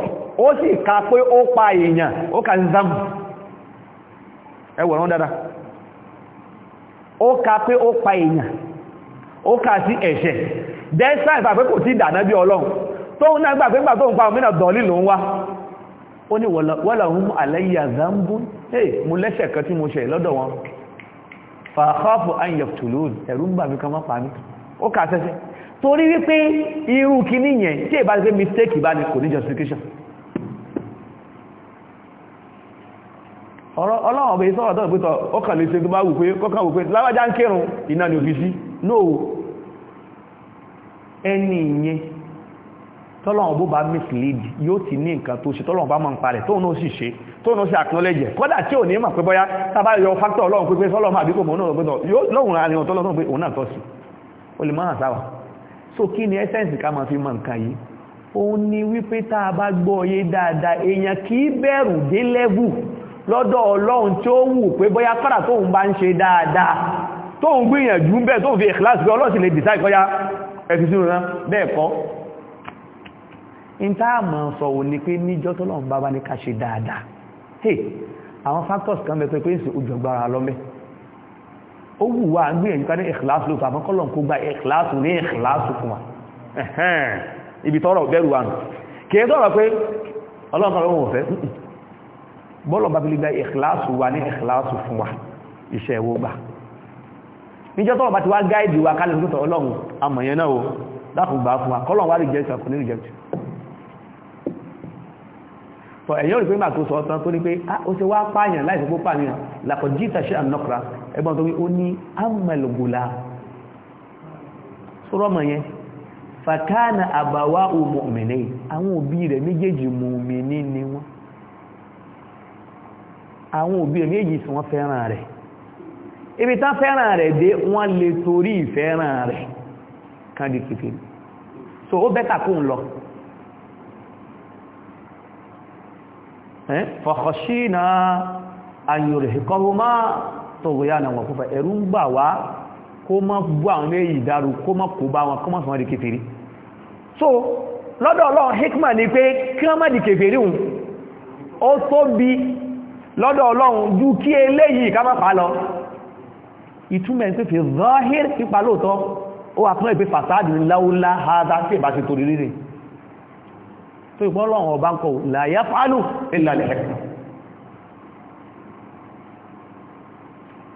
ó sì ká pé ó pa èèyàn ó kà ń zámù ẹwọ̀rọ̀ dáadáa ó ká pé despite bá pé kò tí dànábí ọlọ́run tóun náà gbàgbé gbà tóun pa òmìnà dọ̀ọ̀lì lòun wá ó ní wọ́làhún àlẹ́yà zambun hey mo lẹ́ṣẹ̀ kan tí mo ṣe lọ́dọ̀ wọn fàáfù ayyàftulun ẹ̀rù ń bà mí kan má pa mí ó kà sẹ́sẹ́ torí wípé irú kìíní yẹn tí ìbá ti pé mistake ìbá ni kò ní justification ọlọ́run ọ̀bẹ̀ sọ́rọ̀ tó pẹ́tọ̀ ó kàn lè ṣe tó bá wù pé kọ́kàn wù no ẹni ìyẹn tọ́lọ́wọ́n bó bá mislead yóò ti ní nǹkan tó ṣe tọ́lọ́wọ́n bá mọ̀ ń parẹ̀ tóun náà sì ṣe tóun náà sì acknowledge kódà tí ò ní mọ̀ pé bọ́yá tábà yọ factor ọlọ́run pé pé sọ́lọ́run àbíkò mọ́ náà gbọ́dọ̀ yóò lọ́hùn ara ẹ̀yàn tọ́lọ́run pé òun náà tọ́ sí o lè máa sáwà so kí ni essence ká máa fi mọ̀ nǹkan yìí òun ni wípé tá a bá gbọ́ yé dáadáa èèyàn kì í bẹ̀rù dé lẹ́bù lọ́dọ̀ ọlọ́run tí ó wù pé bọ́yá kọ́dà tóun bá ń ṣe dáadáa tóun gbìyànjú ń bẹ̀ tóun fi ìkíláàsì pé ọlọ́run sì lè in tá mọ̀ sọ ò ní pé níjọ́ tó lọ́n bá bá ní ká ṣe dáadáa hey àwọn factors kan mẹ́tọ́ pé ń sì ojú ọgbára lọ́mẹ́ ó wù wá ń gbìyànjú ká ní ìkìláàsù lóòtọ́ àmọ́ kọ́lọ̀ kó gba ìkìláàsù ní ìkìláàsù fún wa ibi tọ́rọ̀ bẹ̀rù wa nù kì í tọ́rọ̀ pé ọlọ́run kan lóhun ọ̀fẹ́ bọ́lọ̀ bá fi lè gba ìkìláàsù wa ní ìkìláàsù fún wa iṣẹ́ ẹ̀wọ́ gbà níjọ́ tọ́rọ̀ bá ti wá gáìdì wa kálẹ̀ ọlọ́run amọ̀yẹn náà o dákùn gbà fún wa kọ́lọ̀ wá rìjẹ́tì àkùnrin rìjẹ́tì tọ ẹ̀yìn òrìpé máa tó sọ ọ́tán tó ní pé ah, ó ti wá pààyàn láì fipó pààyàn làkọ̀jí ìtàṣẹ́ ànọ́kra ẹgbọ́n tó wí ó ní amẹ́lògùlà sọ́rọ́mọ̀ yẹn fàkánà àbàwá òmùmìnì àwọn o rẹ̀ méjèèjì mùmìnì ni wọ́n àwọn òbí rẹ̀ méjèèjì sí wọ́n fẹ́ràn rẹ̀ ibi tán fẹ́ràn rẹ̀ dé wọ́n lè torí ìfẹ́ràn rẹ̀ kan di kìfì so ó bẹ́ta kóhun lọ fọ̀kọ̀ṣínà ayòrìkọ́húnmá tọ̀wòyánà wọn kúfà ẹ̀rù ń gbà wá kó mọ́ bú àwọn méjì dárú kó mọ́ kó bá wọn kó mọ́ sọ di kèfèrí so lọ́dọ̀ ọlọ́run hikma ni pé kí wọ́n má di kèfèrí hùn ó tóbi lọ́dọ̀ ọlọ́run ju kí eléyìí ká má pa lọ ìtumẹ̀ pé fi zahir pípa lóòtọ́ ó wà fún ẹgbẹ́ fàsádì láúlá ha dá sí ìbáṣe torí rírìn tó ìgbọ́n lọ́wọ́ ọba ń kọ la yaf'alu illa li hikma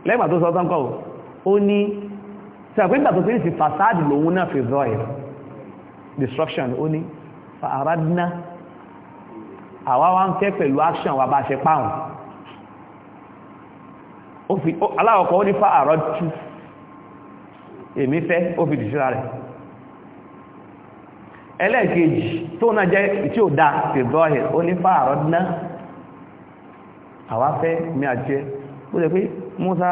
lẹ́gbà tó sọ tán kọ́ ó ní sàpégbà tó pín sí fasad lòun náà fi zọ ẹ̀ destruction ó ní fa aradna àwa wá ń fẹ́ pẹ̀lú action wa bá ṣe páhùn aláwọ̀kọ́ ó ní fa àrọ́tú ẹlẹ́ẹ̀kejì tó náà jẹ́ tí ó dá ìbọ́hẹ̀ ó ní fààrọ̀ dínà àwáfẹ́ mi àjẹ́ ó jẹ́ pé Musa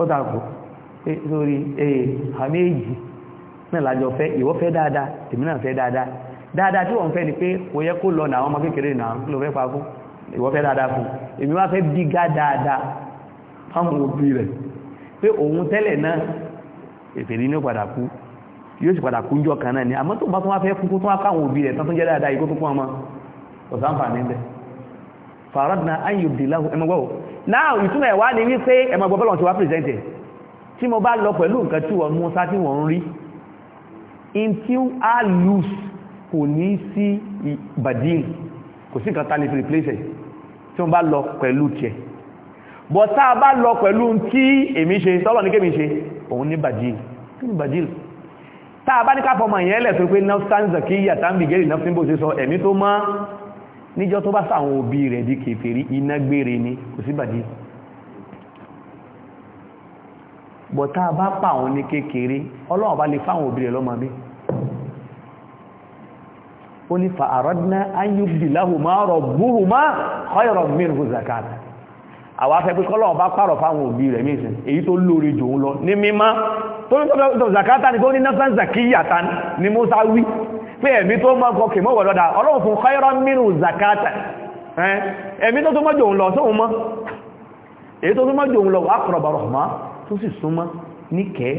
ó dàgbò lórí èyè àméjì náà lájọ fẹ́ ìwọ fẹ́ dáadáa tèmi náà fẹ́ dáadáa dáadáa tí wọ́n fẹ́ ni pé kò yẹ kó lọ nà àwọn ọmọ kékeré náà ló fẹ́ pa fún ìwọ fẹ́ dáadáa fún èmi wá fẹ́ bígá dáadáa fáwọn òbí rẹ̀ pé òun tẹ́lẹ̀ náà èpè ní padà yóò sì padà kúnjọ kan náà ni àmọ́ tó bá tún wá fẹ́ kúkú tún wá káwọn òbí rẹ̀ tán tún jẹ́ dáadáa ikú kún ọmọ ọ̀sánfààní now ìtumọ̀ ẹ̀ wá ní wípé ẹmọ gbọ́ bọ́lọ̀ ti wá pìrìsẹ́ntẹ̀ tí mo bá lọ pẹ̀lú nǹkan tí wọ́n mú sá tí wọ́n ń rí in tí a lose kò ní sí badin kò sí nǹkan tani replace tí wọ́n bá lọ pẹ̀lú tiẹ̀ èmi ṣe sọ́lọ̀ ní kémi ṣe òun ní badin táà bá ní ká fọmọ ìyẹn lẹ̀ tó pé nafsan zakiya tambi gẹ́rì nafsin bó ṣe sọ ẹ̀mí tó mọ́ níjọ́ tó bá sàwọn òbí rẹ̀ di kèfèrí iná gbére ni kò sí bàjí bọ̀ táà bá pa àwọn ní kékeré ọlọ́wọ̀n bá lè fáwọn òbí rẹ̀ lọ́mọ bí ó ní fa àrọ́dínà ayúbìláhùmá rọ̀búhùmá khayran tó ń tọ́lọ́ zakata ni tó ní nafsan zakiyata ni musa wí pé ẹ̀mí tó mọ́ ọkọ̀ kìí mọ́wọ̀ lọ́dà ọlọ́run fún khairan zakata ẹ̀mí tó tó jòun lọ sóhun mọ́ èyí tó tó jòun lọ aqrab rahma tó sì súnmọ́ ní kẹ́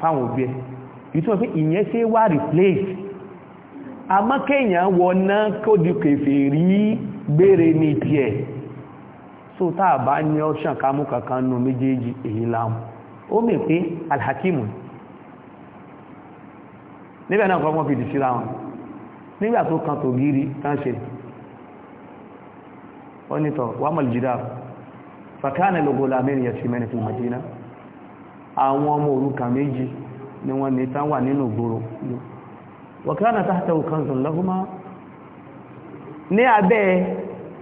fáwọn òbí ẹ̀ so ní ọ́ṣàn ó mẹ́ pé alhakimu níbẹ̀ náà kọ́kọ́ fìdí síra wọn nígbà tó kan tó gírí tán ṣe wọ́n ni tọ̀ wà fàkánà lọ́gọ́lá mẹ́rin yẹ̀ sí mẹ́rin fún Madina àwọn ọmọ òrukà méjì ni wọ́n ní tán wà nínú gbòrò wọ̀kánà tàhtà òkànzùn lọ́gọ́má ní abẹ́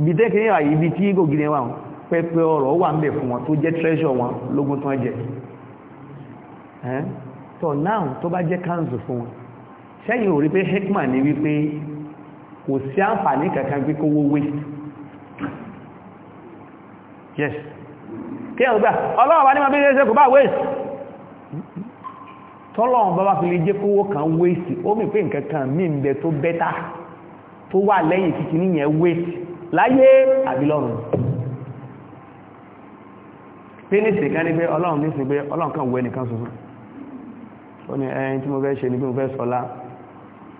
bìtẹ́kìníwà yìí so now tó bá jẹ́ council fún wọn sẹ́yìn ò pé hekman ní wípé kò sí àǹfààní kankan pé kówó yes kí ẹ̀rùn gbà ọlọ́run ma bí ṣe kan tó wà lẹ́yìn títí láyé àbílọ́run pé ní pé ọlọ́run kan wọ ẹnìkan ó ní ẹyìn eh, tí mo fẹ́ ṣe ní pé mo fẹ́ sọ́lá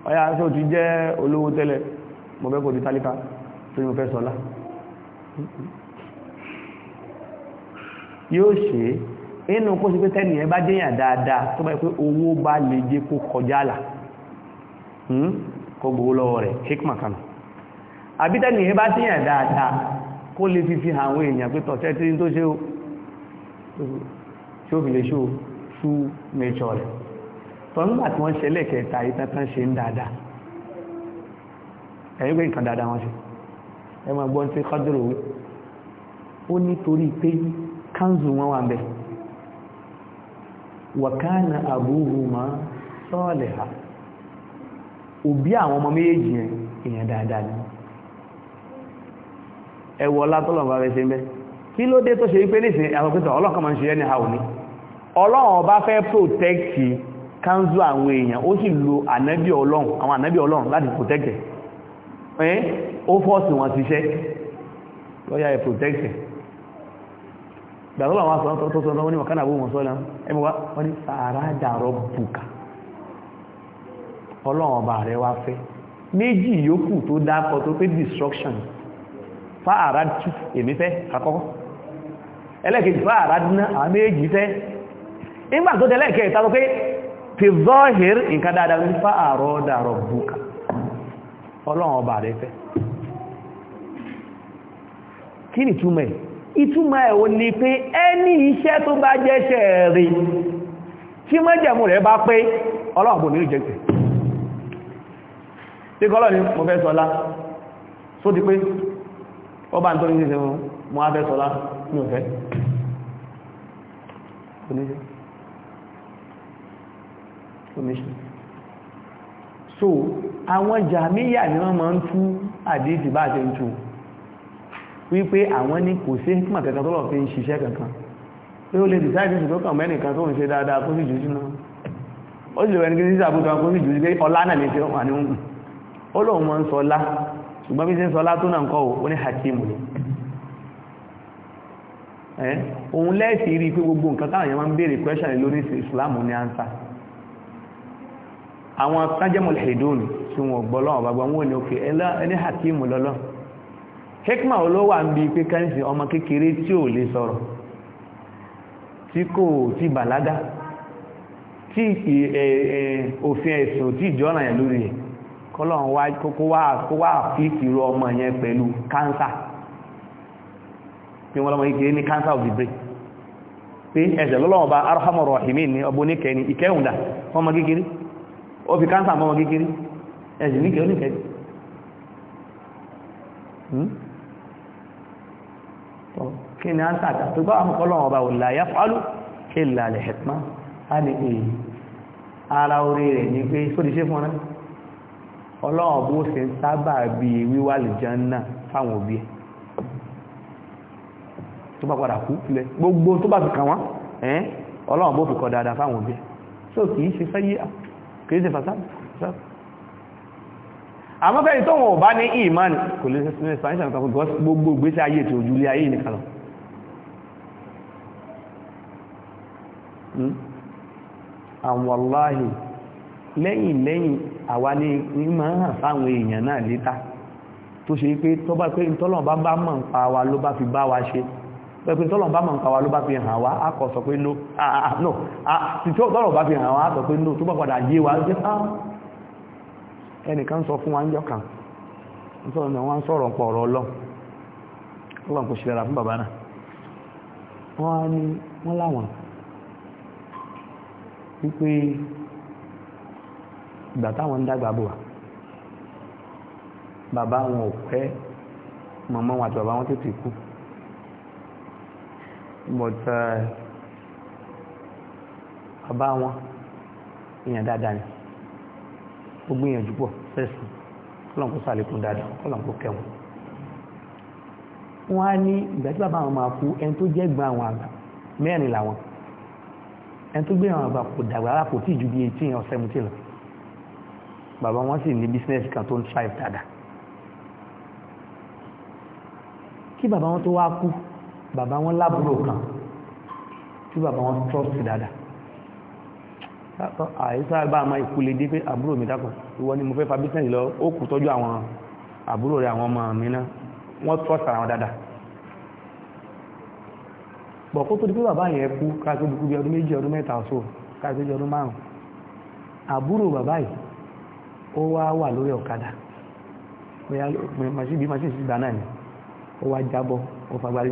ọya tó ti jẹ́ olówó tẹ́lẹ̀ mo fẹ́ kò di tálíkà tó mo fẹ́ sọ́lá yóò ṣe inú kó sí pé tẹ́nìyàn bá jẹ́yàn dáadáa tó bá yẹ owó bá lè jẹ́ kó kọjá àlà hmm, kó lè fi fi ṣó tọ́lọ́gbà tí wọ́n ṣe lẹ́kẹ̀ẹ́ta ìtàntàn ṣe ń dáadáa ẹ̀yìn pé nǹkan dáadáa wọ́n ṣe ẹ máa gbọ́n tí kọ́dúrò wí ó nítorí pé kánzù wọn wà bẹ́ẹ̀ wàkánà àbúhùmá sọ́ọ̀lẹ̀ ha òbí àwọn ọmọ méjèèjì yẹn èèyàn dáadáa ni ẹ wọ ọlá tọ́lọ̀ bá fẹ́ ṣe ń bẹ́ kí ló dé tó ṣe wípé nísìnyí àwọn pẹ̀tọ̀ ọlọ́kàn máa ń ṣe ẹni ha òní ọlọ́run ọba fẹ́ protect yìí kánzú àwọn èèyàn ó sì lo ànábì ọlọ́run àwọn ànábì ọlọ́run láti protect ẹ̀ ó fọ́ọ̀sì wọn ṣiṣẹ́ lọ́yà ẹ̀ protect ẹ̀ gbàgbọ́ àwọn asọ̀rọ̀ tó sọ́nà ní wàkánà àwọn ọmọ̀sọ́lá ẹmọ wá wọ́n ní sàárádàrọ̀ bùkà ọlọ́run ọba rẹ̀ wá fẹ́ méjì yòókù tó dákọ tó pé destruction fáàrádì èmi fẹ́ àkọ́kọ́ ẹlẹ́kẹ̀ẹ́ fáàrádì náà àméjì fẹ́ nígbà tó fi zọ́hìr nǹkan dáadáa ń fa àrọ́ dàrọ̀ búkà ọlọ́run ọba rẹ̀ fẹ́ kí ni túmọ̀ ẹ̀ ìtumọ̀ ẹ̀ o ní pé ẹni iṣẹ́ tó bá jẹ́ṣẹ́ rí tí mẹ́jẹ̀mú rẹ̀ bá pé ọlọ́run bò ní ìjẹ́gbẹ̀ tí kọ́lọ̀ ni mo fẹ́ sọlá só ti pé ọba ń tó ní ìṣẹ́ mo á fẹ́ sọlá mi ò fẹ́ oníṣẹ́ information so àwọn jàmíyà ni wọ́n máa ń tú àdíìsì bá àti ìtù wípé àwọn ní kò sí hikmà kankan tó lọ fi ń ṣiṣẹ́ kankan pé ó lè dìsáìdì sí tókàn mẹ́nìkan tó ń ṣe dáadáa kó sì jù sínú ó sì lè wẹ́n gírí sàbútọ́ kó sì jù sí pé ọlá náà lè fi wà ní ohun ó lóun mọ́ ń sọ ọlá ṣùgbọ́n bí sí ń sọ ọlá tó náà ń kọ́ ó ní hakim ni òun lẹ́ẹ̀sì rí pé gbogbo nǹkan táwọn èèyàn máa ń béèrè question lórí ìsìlámù ní answer àwọn tájẹ́mọ̀lì hìdún tí wọ́n gbọ́lọ́wọ́ bá gbọ́n wọ́n ẹni hakimu lọ́lọ́ hekima olówà ń bí pé kẹ́ǹsì ọmọ kékeré tí ò lè sọ̀rọ̀ tí kò tí bàlágà tí òfin ẹ̀sùn tí ìjọ́nà lórí ẹ̀ kọ́lọ̀n ọmọ kékeré ó fi káńsà mọ́ wọn kékeré ẹ̀sìn níkẹ́ oníkẹ́jì hmm? kí ni a ń sàkà tó gbáwà fún kọ́lọ̀ ọba òlà yá fọ́lú kí ìlàlẹ̀ ẹ̀tmá a ní èyí ara orí rẹ̀ ní pé sódíṣẹ́ fún ọ́nà ọlọ́wọ̀n bó ṣe ń sábà bí wíwà lìjánná fáwọn òbí ẹ̀ tó bá padà kú lẹ gbogbo fi kọ dáadáa fáwọn òbí ẹ̀ so kìí ṣe fẹ́ yí kìí ṣe fasad àmọ́ fẹ́ tó wọn ní iman kò lè sẹ́sìn expansion kan gbogbo ìgbésí ayé tí ojú ilé ayé nìkan lọ àwọn hmm? wàláhì lẹ́yìn lẹ́yìn àwa ní ìmọ̀ hàn fáwọn èèyàn náà létà tó ṣe pé tọ́bá pé ìtọ́lọ̀ bá bá mọ̀ pa wa ló bá fi bá wa ṣe pẹ̀pẹ̀ tọ́lọ̀ bá mọ̀ kàwà ló bá fi hàn wá akọ̀ sọ pé no ah, ah, ah, no tí tọ́lọ̀ bá fi hàn wá sọ pé no tó bá padà wa jẹ́ ẹnìkan sọ fún wa ń jọkàn sọ́rọ̀ náà wọ́n sọ̀rọ̀ pọ̀ ọ̀rọ̀ kò fún wọ́n but bàbá wọn èèyàn dáadáa ni gbogbo èèyàn jùpọ̀ fẹ́sìn kọ́lọ̀ kó sàlékún dáadáa kọ́lọ̀ kó kẹwọn wọ́n á ní ìgbà tí bàbá wọn máa kú ẹni tó jẹ́ gbọ́n àwọn àgbà mẹ́rin làwọn ẹni tó gbé àwọn àgbà kò dàgbà rárá kò tí ju bí eighteen or seventeen lọ bàbá wọn sì ní bísínẹ́sì kan tó ń thrive dáadáa kí bàbá wọn tó wá kú bàbá wọn lábúrò kan tí bàbá wọn trust dáadáa àìsá bá máa ìkulè dé pé àbúrò mi dákọ̀ ìwọ ni mo fẹ́ fa bísẹ̀ lọ ó kù tọ́jú àwọn àbúrò rẹ̀ àwọn ọmọ mi náà wọ́n trust àwọn dada. bọ̀ kó tó di pé bàbá yẹn kú káàkiri bukú bí ọdún méjì ọdún mẹ́ta ọ̀sọ̀ káàkiri ọdún márùn àbúrò bàbá yìí ó wá wà lórí ọ̀kadà bí màṣí sí gbà náà ni ó wá jábọ́ ó fagbárí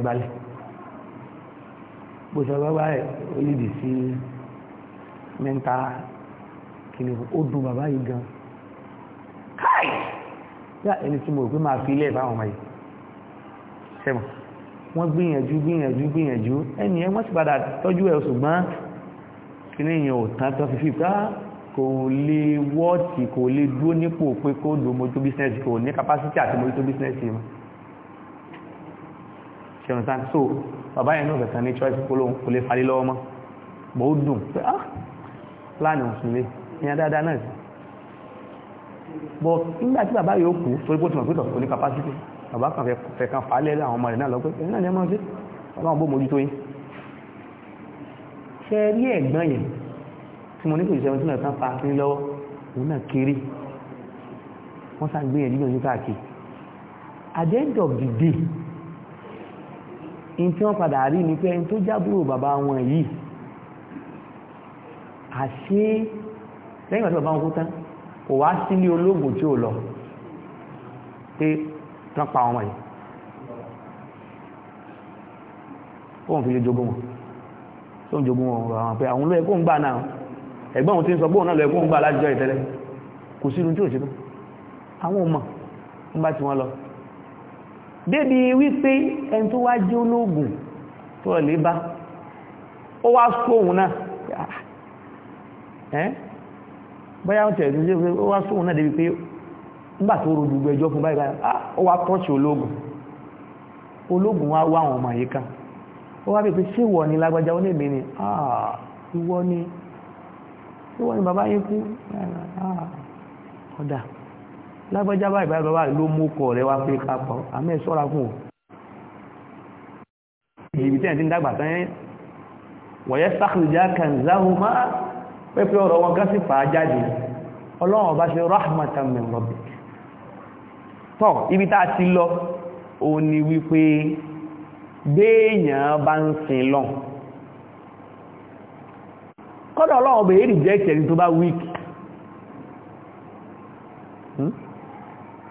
gbèsè bàbá ẹ̀ ó lìdì sí mẹ́ta kìnìún ó dùn bàbá yìí gan káì yá ẹni tí mo rò pé máa fi ilé ìfáwọn ọmọ yìí sẹ́mọ̀ wọ́n gbìyànjú gbìyànjú gbìyànjú ẹni ẹ wọ́n sì padà tọ́jú ẹ̀ ṣùgbọ́n kìnìún yẹn ò tán tán fífi ká ah, kò lè wọ́ọ̀tì kò lè dúró nípò pé kó lò mojútó bísínẹ́sì kò ní kapásítì àti mojútó bísínẹ́sì wọn ṣẹ̀rùn tán so bàbá yẹn náà kẹ̀kẹ́ ní choice polówó kò lè falé lọ́wọ́ mọ́ bó ó dùn pé ah láàrin òsùn lé ìyẹn dáadáa náà sí bọ́ nígbà tí bàbá yóò kú torí pé ó ti mọ̀ pé ní capacity bàbá kan fẹ́ kan fà á lẹ́rẹ́ àwọn ọmọ rẹ̀ náà lọ pé náà ni ẹ máa ṣe bàbá wọn bó mojú tó yín ṣe rí ẹ̀gbọ́n yẹn kiri lọ́wọ́ òun náà kéré wọ́n sá at the end of the day in tí wọ́n padà rí ni pé ẹni tó jábúrò bàbá wọn yìí àṣé lẹ́yìn àti bàbá wọn kú tán kò wá sílé ológun tí ó lọ pé tán pa ọmọ yìí kóhùn fi lè jogún wọn tó ń jogún wọn àwọn pé àwọn olóyẹ kóhùn gbà náà ẹ̀gbọ́n òun ti ń sọ gbóhùn náà lọ ẹ̀kóhùn gbà lájọ́ ìtẹ́lẹ̀ kò sínú tí ò ṣe tó àwọn ọmọ ń bá ti wọn lọ débi wípé ẹni tó wá jẹ́ tó lé bá ó wá sóhun náà ẹ́ báyá ọ̀tẹ̀ ó wá sóhun náà débi pé nígbà tó rọrùn gbogbo ẹjọ́ fún báyìí báyìí ah, wá ológun ológun wa wá wá ṣé ni lágbájá báyìí báyìí báyìí ló mú kọ rẹ wá pé ká pa àmẹ́ ṣọ́ra fún o ibi tí ẹ̀ ti ń dàgbà tán yẹn wọ̀yẹ́ sáàkìlìjá kànzáhùn máa pẹ́pẹ́ ọ̀rọ̀ wọn gá sí fà á jáde ọlọ́run ọba ṣe rahmatan min rabbik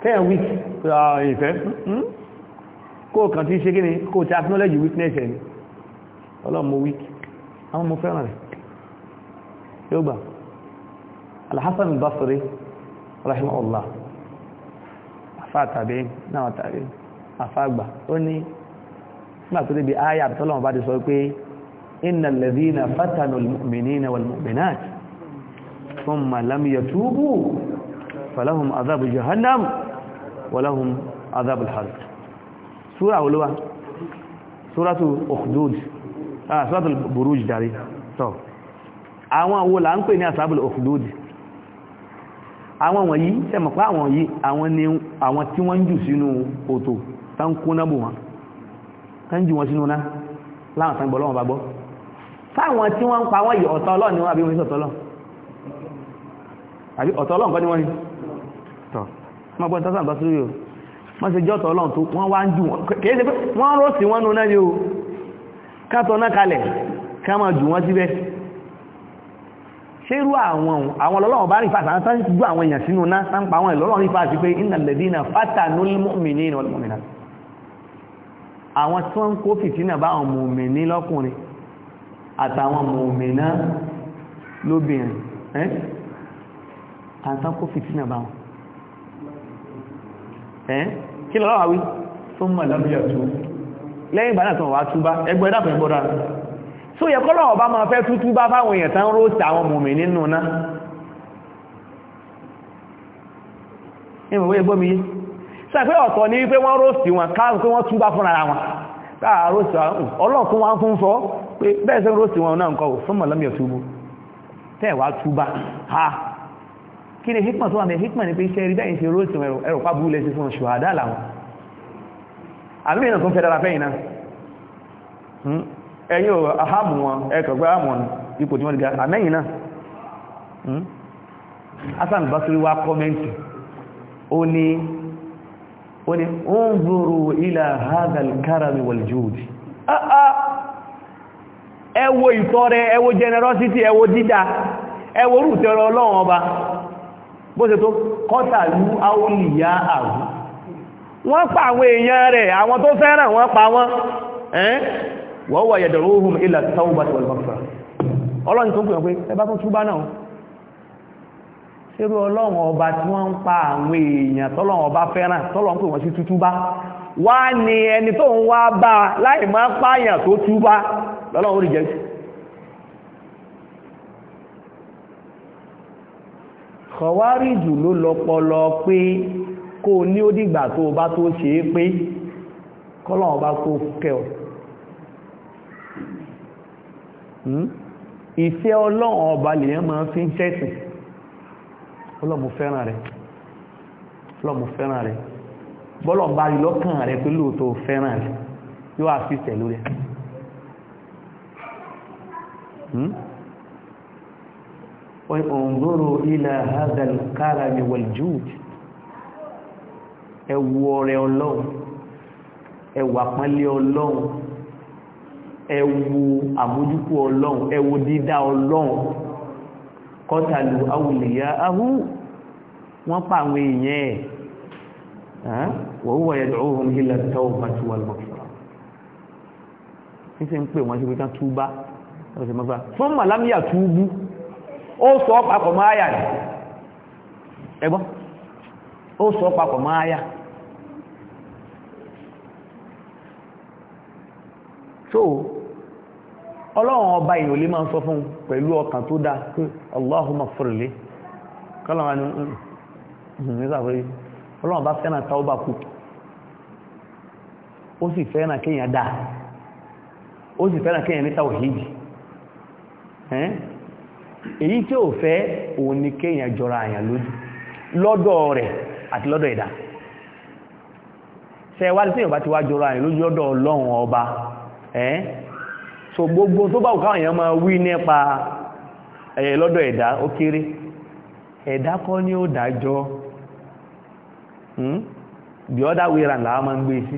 ten weeks ìfẹ́ ah, mm, mm. kó kàn tí ṣe kí ni kó ti acknowledge weakness ẹni ọlọ́mọ weak àwọn ọmọ fẹ́ràn rẹ̀ yóò gbà Al-Hasan al-Basri rahimahullah afá tàbí náà tàbí afá gbà ó ní nígbà tó débi ayà tọ́lọ́mọ bá ti sọ pé innal ladhina fatanu al-mu'minina wal-mu'minat thumma lam yatubu falahum adhabu jahannam wọ́láhùn azabul hariq súra olówá súratù okhdud ah súratù buruj dari tọ́ àwọn àwọ́ là ń pè ní azabul okhdud àwọn wọ̀nyí sẹ́mọ̀ pé àwọn yìí àwọn ni àwọn tí wọ́n ń jù sínú òtò tán kúnná bù wọn tán jù wọn sínú náà láwọn tán gbọ́lọ́wọ́n bá gbọ́ sáwọn tí wọ́n ń pa wọ́n yìí ọ̀tọ̀ Ọlọ́run ni wọ́n àbí wọ́n sí ọ̀tọ̀ Ọlọ́run àbí ọ̀tọ̀ Ọlọ́run ni wọ́n ni tọ́ ma gbọ́n tásán tọ́ sílẹ̀ o wọ́n ṣe jọ́tọ̀ ọlọ́run tó wọ́n wá ń jù wọ́n kìí ṣe pé wọ́n rò sí wọ́n nù náà ni o kátọ̀ náà kalẹ̀ ká máa jù wọ́n síbẹ̀ ṣé irú àwọn àwọn ọlọ́run bá rìn fàṣà àwọn sáà ń gbọ́ àwọn èèyàn sínú náà sáà ń pa àwọn ìlọ́rọ̀ rìn fàṣà pé innal ladina fatanul mu'minina wal mu'minat àwọn tí wọ́n ń kó fìtínà bá àwọn mùmìnì lọ́kùnrin àtàwọn mùmìnà lóbìnrin ẹ́ àtàkó fìtínà bá wọn kí lọ́wọ́ àwí tó mọ̀ lábíyà tó lẹ́yìn ìgbà náà tó wà túbá ẹgbẹ́ dápẹ́ gbọ́dá so yẹ kọ́lọ̀ ọba máa fẹ́ tú túbá fáwọn èèyàn tán ró sí àwọn mùmí nínú náà ìmọ̀wé ẹgbọ́ mi yé sàpé ọ̀tọ̀ ní pé wọ́n róòsì wọn káàkùn pé wọ́n túbá fún ara wọn káà róòsì ọlọ́ọ̀kún wọn fún fọ́ pé bẹ́ẹ̀ sẹ́ róòsì wọn náà nǹkan ò fún mọ̀lọ́mì ọ̀túbú tẹ́ẹ̀wá túbá ha kí ni hikma tó wà ní hikma ní pé iṣẹ́ rí bẹ́yìn ṣe róòtì ẹ̀rọ pàbú lè ṣe fún ṣùhádá láwọn àmìnà tó fẹ́ dára fẹ́yìn náà hmm? ẹ̀yìn àhámù wọn ẹ̀kọ̀gbẹ́ àmọ̀n ipò tí wọ́n dìgbà àmẹ́yìn náà hmm? ìtọrẹ ah, ah. ẹ generosity ẹ dídá ẹ wo rúùtẹ́rọ ọba bó ṣe tó kọ́tàlú áwòlìyà àrùn wọ́n pa àwọn èèyàn rẹ̀ àwọn tó fẹ́ràn wọ́n pa wọ́n ẹ́n wọ́n wà yẹ̀dọ̀rọ̀ ohun ilẹ̀ tàúbà tí wọ́n fà ọlọ́run tó ń pè pé ẹbá tó túbá náà ṣerú ọlọ́run ọba tí wọ́n ń pa àwọn èèyàn tọ́lọ́run ọba fẹ́ràn kọ̀wárìjù ló lọ́pọlọ pé kó ní ó dìgbà tó bá tó ṣe é pé kọ́lọ̀wọ́ bá kó kẹ́ ọ hmm? ìfẹ́ ọlọ́run ọba lèyàn máa fi ń ṣẹ̀sìn ọlọ́mù fẹ́ràn rẹ̀ ọlọ́mù fẹ́ràn rẹ̀ bọ́lọ̀ bá pé lóòótọ́ fẹ́ràn rẹ̀ yóò àfíìsẹ̀ lórí ẹ̀ hmm? انظروا الى هذا الكرم والجود ẹ wo ọrẹ Ọlọ́hun ẹ wo àpọ́nlé Ọlọ́hun ẹ wo àmójúkú Ọlọ́hun ẹ wo dídá Ọlọ́hun qatalu awliya'ahu wọ́n pa àwọn èèyàn ẹ̀ wa huwa yad'uhum ila at-tawbati wal-maghfirah ní ṣe ń pè wọ́n sí pé ká túbá ọ̀sẹ̀ mọ́fà fún màlámíyà túbú ó sọ papọ̀ mọ́ ya rẹ̀ ẹgbọ́n ó sọ papọ̀ mọ́ ya so ọlọ́run ọba èèyàn lè máa sọ fún pẹ̀lú ọkàn tó dáa pé Allahumma fúrìlé kọ́lọ̀wà ní ìsàfẹ́ mm, mm, mm, ọlọ́run bá fẹ́ràn taoba kú ó sì fẹ́ràn kéèyàn dáa ó sì fẹ́ràn kéèyàn ní èyí tí ò fẹ́ òun ni kéèyàn jọra àyàn lójú lọ́dọ̀ rẹ̀ àti lọ́dọ̀ ẹ̀dá ṣe wá sí ti wá jọra àyàn lójú lọ́dọ̀ ọlọ́run ọba ẹ́n so gbogbo tó bá káwọn máa wí nípa lọ́dọ̀ ẹ̀dá ó kéré ẹ̀dá kọ́ ni ó dájọ́ hmm? the other way around làá máa ń gbé e sí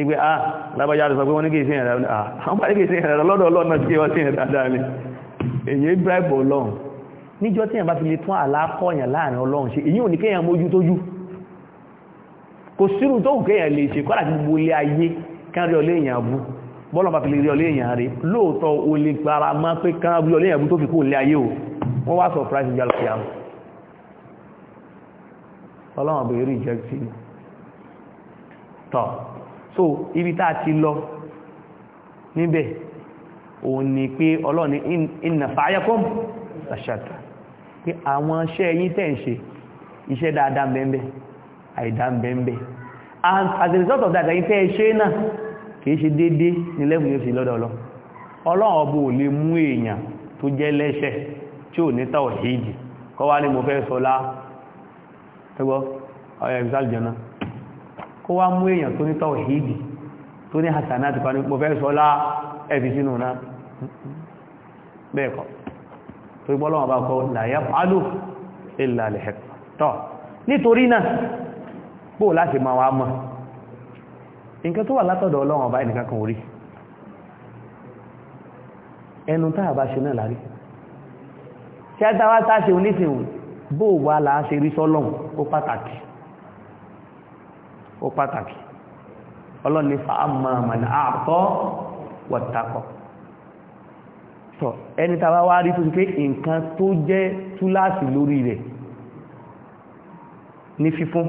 ìgbé ah lábájá rẹ̀ sọ pé wọ́n ní kí ìsìn ẹ̀dá ah, *laughs* lọ́dọ̀ ọlọ́run náà ti kí wọ́n èyí bribe ọlọ́run níjọ́ tí èyàn bá fi lè tún àlákọ̀ọ̀yàn láàrin ọlọ́run ṣe èyí ò ní kéèyàn mójú tójú kò sírù tó kéèyàn lè ṣe kọ́lá ti gbogbo ilé ayé kán rí ọlé èyàn bú bọ́lọ̀ bá fi lè rí ọlé èyàn rí lóòótọ́ o lè gbára má pé kán rí ọlé èyàn bú tó fi so ibi tá a ti lọ níbẹ̀ òun pé ọlọ́ni inna sa'yakum ṣàṣàtà pé àwọn iṣẹ́ yín tẹ́ ń ṣe iṣẹ́ dáadáa bẹ́ẹ̀bẹ́ and as a result of that ẹ̀yin tẹ́ ṣe náà kìí ṣe dédé ní lẹ́bùn yóò sí lọ́dọ̀ ọlọ́run ọbọ̀ ò lè mú èèyàn tó jẹ́ lẹ́ṣẹ̀ mo bẹ́ẹ̀ kọ́ tó gbọ́lọ́wọ́ bá kọ́ làyá pàálù ìlàlẹ̀ ẹ̀kọ́ tọ́ nítorí náà bóò láti máa wá mọ̀ nǹkan tó wà látọ̀dọ̀ ọlọ́wọ́ bá ẹnìkan kan orí ẹnu táà bá ṣe náà lárí ṣe dáwà táà ṣe oníṣìhùn bóò wá làá ṣe rí sọ́lọ́hùn ó pàtàkì ó pàtàkì ọlọ́ni fa amma man a'ta so ẹni tàbá wá rí tó ti pé nǹkan tó jẹ́ túláàsì lórí rẹ̀ ní fífún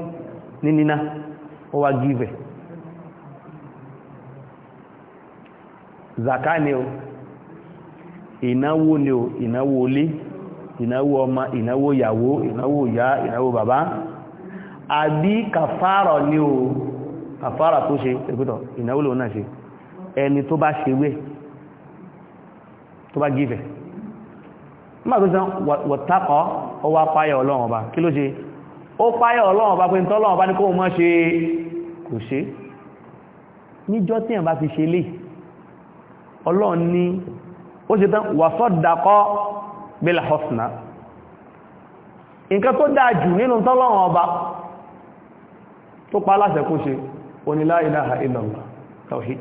ní níná ó wá gíbẹ̀ zaka ni o ìnáwó ni o ìnáwó olé ìnáwó ọmọ ìnáwó ìyàwó ìnáwó ìyá ìnáwó bàbá àbí kàfàrà ni o kàfàrà tó ṣe ìnáwó lòun náà ṣe ẹni tó bá ṣe wé tó bá gífẹ̀ nígbà tó sàn wọ̀tákọ́ ó wá páyà ọlọ́run ọba kí ló ṣe ó páyà ọlọ́run ọba pé tọ́lọ́run ọba ní kó mọ́ ṣe kò ṣe níjọ́ tí èèyàn bá fi ṣe lè ọlọ́run ní ó ṣe tán wàsọ́dàkọ́ bílà husna nǹkan tó dáa jù nínú tọ́lọ́run ọba tó pa aláṣẹ kó ṣe oníláìláha illallah tawhid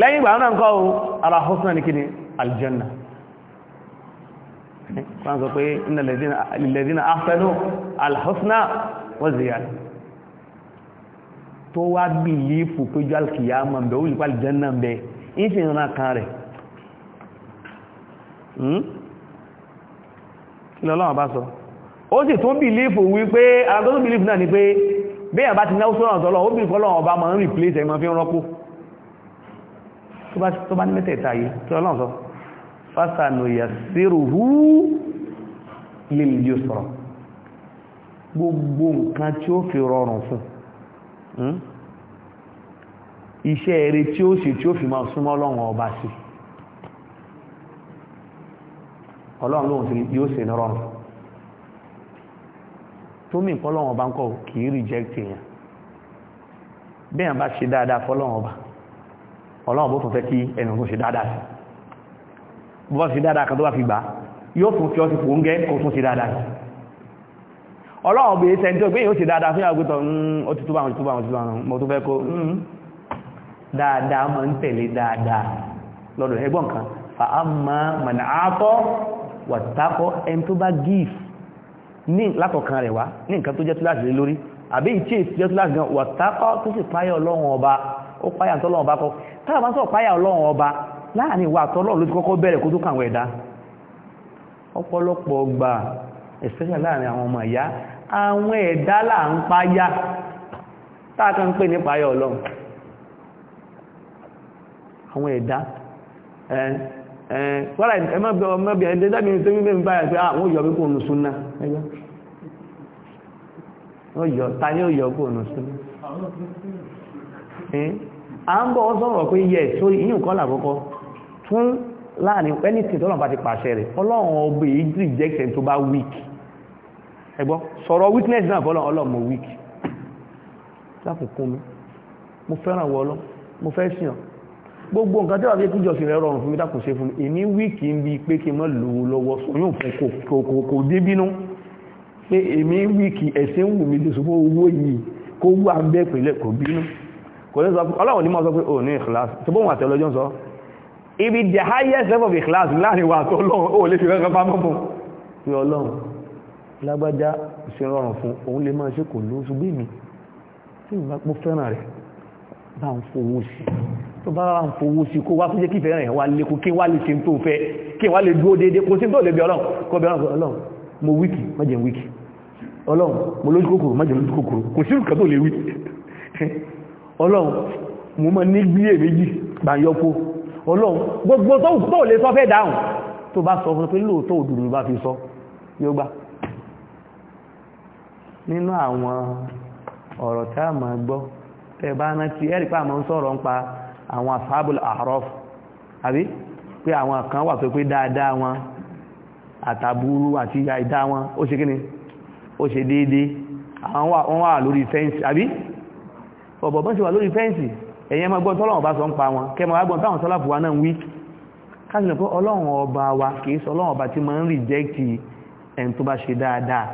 lẹ́yìn ìgbà náà nǹkan o ara husna ní kíni aljanna wọ́n sọ pé iná lèdínà afẹ́lú alhusna wọ́n ziyara tó wá bí yìí fò péjú alkiyama bẹ̀ olùkọ́ aljanna bẹ̀ in ṣe ìran kan rẹ̀ hmm? lọ́lọ́wọ́ bá sọ ó sì tún bìlífù wípé alágbọ́n bìlífù náà ni pé bí ẹ̀bá ti náà sọ́rọ̀ ọ̀tọ́lọ́ ó bìlífù ọlọ́wọ́ bá ma ń rìplé tó bá ní mẹ́tẹ̀ẹ̀ta yìí kí ọlọ́run sọ fásánù yasiruhu lil yusra gbogbo nǹkan tí ó fi rọrùn fún hmm? iṣẹ́ eré tí ó sì tí ó fi máa súnmọ́ ọlọ́run ọba sí ọlọ́run lóhun tí yóò ṣe ní rọrùn tó mì pọ́lọ́run ọba ń kọ̀ kì í rìjẹ́kì yẹn bí yàn bá ṣe dáadáa fọ́lọ́run ọlọ́run bó tún fẹ́ kí ẹnu tó ṣe dáadáa sí bó bá ṣe dáadáa kan tó bá fi gbà yóò tún fi ọsí fòóngẹ́ kó tún ṣe dáadáa sí ọlọ́run bèé sẹ́ni tó gbé yóò ṣe dáadáa fún ìyàwó tán hmm, ó ti túbà wọn túbà wọn túbà wọn mo tún fẹ́ kó hmm, dáadáa máa ń tẹ̀lé dáadáa lọ́dọ̀ ẹgbọ́n kan fàámà mànà àtọ́ wàtákọ́ ẹni tó bá gíf ní látọ̀kan rẹ̀ wá ní nǹkan tó jẹ́ túláàsì lórí ó páyà tọ́lọ́run bá kọ́ táwọn bá sọ páyà ọlọ́run ọba láàrin ìwà àtọ́lọ́run ló ti kọ́kọ́ bẹ̀rẹ̀ kó tó kàwọn ẹ̀dá ọ̀pọ̀lọpọ̀ gbà especially láàrin àwọn ọmọ ìyá àwọn ẹ̀dá là ń páyà táàkà ń pè ní páyà ọlọ́run àwọn ẹ̀dá wọ́n ẹ̀ mọ́ bí ẹ̀dẹ́ dábí ní Eh? à ń bọ́ sọ̀rọ̀ pé yẹ sórí ìyún kan làkọ́kọ́ fún láàrin ẹni tí tọ́lọ̀ bá ti pàṣẹ rẹ̀ ọlọ́run ọgbẹ̀ èyí rejection tó bá weak ẹgbọ́ sọ̀rọ̀ weakness náà fọ́lọ́ ọlọ́mọ weak lákòókò mi mo fẹ́ràn wọ ọlọ́ mo fẹ́ sìn gbogbo nǹkan tẹ́wàá fẹ́ kíjọ sí rẹ̀ rọrùn fún mi dákùn ṣe fún mi èmi wíìkì ń bi pé kí n mọ́ lòó lọ́wọ́ sọyún fún kò dé bínú pé èmi wíìkì ẹ̀sìn wù mí lè sọ fún owó yìí kó wà ń bẹ́ẹ̀ pẹ̀lẹ́ kò bínú kò ní sọ ọlọ́run ní máa sọ pé o oh, ní ìkìláàsì tó bóhun àti ọlọ́jọ́ sọ ibi the highest level of ìkìláàsì láàrin wa tó lọ́run ó lè fi rẹ́kọ́ pamọ́ fún pé ọlọ́run lágbájá ìṣẹ́rọrùn fún òun lè máa ṣe kò ló ṣubú mi tí ìgbà pọ́ fẹ́ràn rẹ̀ bá ń fowó sí tó bá ń fowó sí kó wá tó jẹ́ kí fẹ́ràn rẹ̀ wá lè kó kí wá lè ṣe tó fẹ́ kí wá lè dúró déédéé kó sí tó lè bí ọlọ́run kó bí ọlọ́run mo wíkì má jẹ́ wíkì ọlọ́run mo lójú kòkòrò má jẹ́ lójú kòkòrò kò sí nǹkan tó lè wí *laughs* ọlọ́run mo mọ́ ní gbíyè méjì bá yọpo ọlọ́run gbogbo tó lè sọ fẹ́ dáhùn tó bá sọ fún pé lóòótọ́ òdùn ló bá fi sọ yóò gbà nínú àwọn ọ̀rọ̀ tá a máa gbọ́ tẹ́ bá rántí ẹ̀rí pé àmọ́ ń sọ̀rọ̀ ń pa àwọn ashabul a'raf àbí pé àwọn kan wà pé dáadáa wọn àtàbúrú àti àìdá wọn ó ṣe kíni ó ṣe déédéé àwọn wà lórí fẹ́ǹsì àbí ọ̀bọ̀ bọ́n ṣe wà lórí fẹ́ǹsì ẹ̀yẹn máa gbọ́n tọ́lọ́wọ̀n bá sọ ń pa wọn kẹmọ̀ agbọ́n táwọn sọ́láfù wa náà ń wí káàkiri pé ọlọ́run ọba wa kìí sọ ọlọ́run ọba tí máa ń rìjẹ́kì ẹni tó bá ṣe dáadáa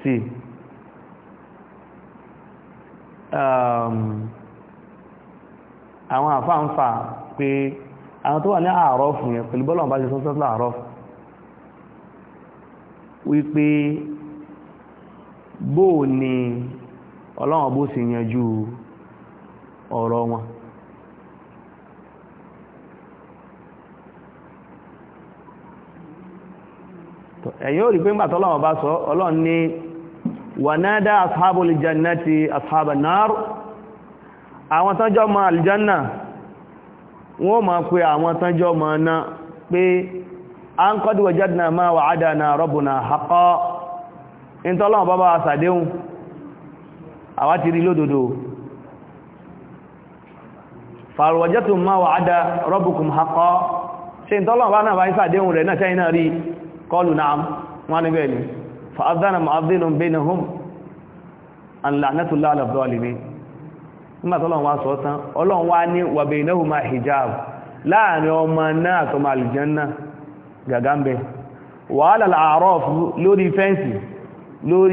sí ehm, àwọn àfáǹfà pé àwọn tó wà ní àárọ̀ fún yẹn pẹ̀lú bọ́lọ́run bá ṣe sọ́sọ́ láàárọ̀ wípé bóò ni ọlọ́run bó sì yanjú ọ̀rọ̀ wọn ẹ̀yin ò rí pé ńgbàtọ́ ọlọ́run bá sọ ọlọ́run ní wànádá ashabul jannati ashaban nar àwọn tánjọ́ ma aljanna wọ́n ma pé àwọn tánjọ́ ma ná pé an qad wajadna ma wa'adana rabbuna haqqan ìntọ́lọ́run bá bá sàdéhùn àwa ti rí lódodo fàrọ̀wọ̀jẹ́tù ma wà ádá rọ́bùkùn hakọ́ ṣe ń tọ́lọ̀ bá náà bá ìfà déhùn rẹ̀ náà ṣẹ́yìn náà rí kọlù náà wọ́n ní bẹ́ẹ̀ ni fa'adánà ma'adínú bẹ́ẹ̀nà hùn alànàtùlá alàbdọ́ọ̀lìmí nígbà tọ́lọ̀ hijab láàrin ọmọ náà tó ma alìjánná gàgá ń bẹ lórí fẹ́ǹsì lórí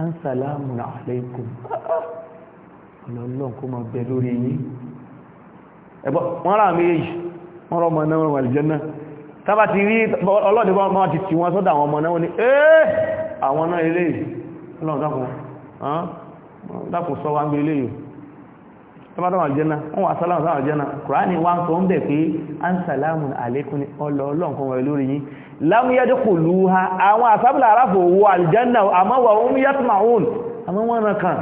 an salamu alaykum ọlọ́lọ́n kó ma bẹ lórí yín ẹ̀bọ́ wọ́n rà méjì wọ́n rọ mọ̀ná wọn àlìjẹ́nà tàbà ti rí ọlọ́dẹ̀ wọ́n ti tí wọ́n sọ́dọ̀ àwọn mọ̀ná wọn ni ẹ́ àwọn náà ilé tọ́bátọ́wà jẹ́nà wọ́n wà sálàmù sáwà jẹ́nà kùránì wá ń sọ ń bẹ̀ pé an sàlámù àlékún ọlọ́ọ̀lọ́n fún wọn lórí yìí lámúyẹ́dẹ́ kò lú ha àwọn àsábìlà aráfò wo àlìjẹ́nà àmọ́wà omiyatmaun àmọ́ wọ́n ràn kàn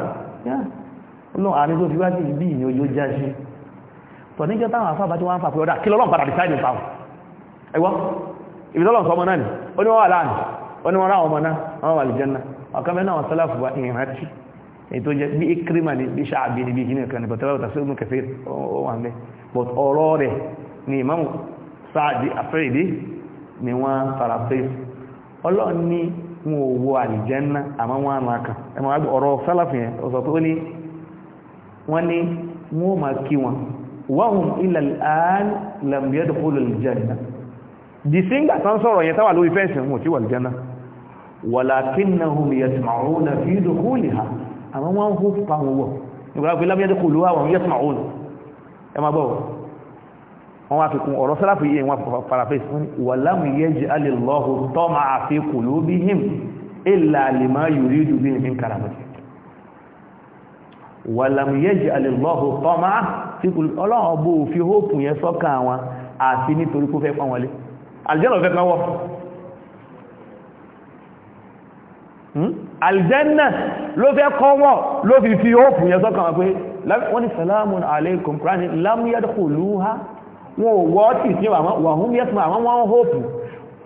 ọlọ́run àárín tó fi wá sí ibi ìyẹn yóò já sí tọ̀ níjọ́ táwọn àfáà bá tí wọ́n ń fàpẹ́ ọ̀dà kí lọ́lọ́run padà ọmọ náà ni ó ní wọ́n wà láàrin ọmọ náà wọ́n wà àlìjẹ́nà ọ̀kan mẹ́rin àwọn sálàfù wa ìrìn rántí ètò jẹ́ bí ikrima ní bí ṣáàbí ní bí kí ní ẹ̀kan ní bọ̀tẹ́lá òtàṣẹ́ òmù kẹfẹ́ òwàn lẹ́ but ọ̀rọ̀ rẹ̀ ni imam sáàdì afẹ́ìdí ni wọ́n paraphrase ọlọ́run ní wọn ò wo àlìjẹ́nà àmọ́ wọn àmà kan ẹmọ àgbẹ̀ ọ̀rọ̀ sálàfin yẹn wọ́n ní kí wọn wahum ila an lam yadkhulu al di singa tán sọ̀rọ̀ yẹn táwà lórí fẹ́ǹsì wọn ò tí wà àlìjẹ́nà fi dukhulaha àwọn wọ́n ń hó pa wọn wọ̀ nígbà pé lábẹ́ yẹ́dẹ́kù lówà wọn yẹ́ sùnmà òun ẹ máa bọ̀ wọn wá fi kún ọ̀rọ̀ sálàfù yìí wọn paraphrase wọn ni wà láwọn yẹ́ jẹ́ alìlọ́hù tọ́mà aljanna ló fẹ́ kọ́wọ́ ló fi fi ó fún yẹ sọ́kàn pé wọ́n ni salamun alaikum kúránì lámúyẹ́dùkùlúhá wọn ò wọ́ tí sí wàhún yẹ́ tún àwọn wọn hóòpù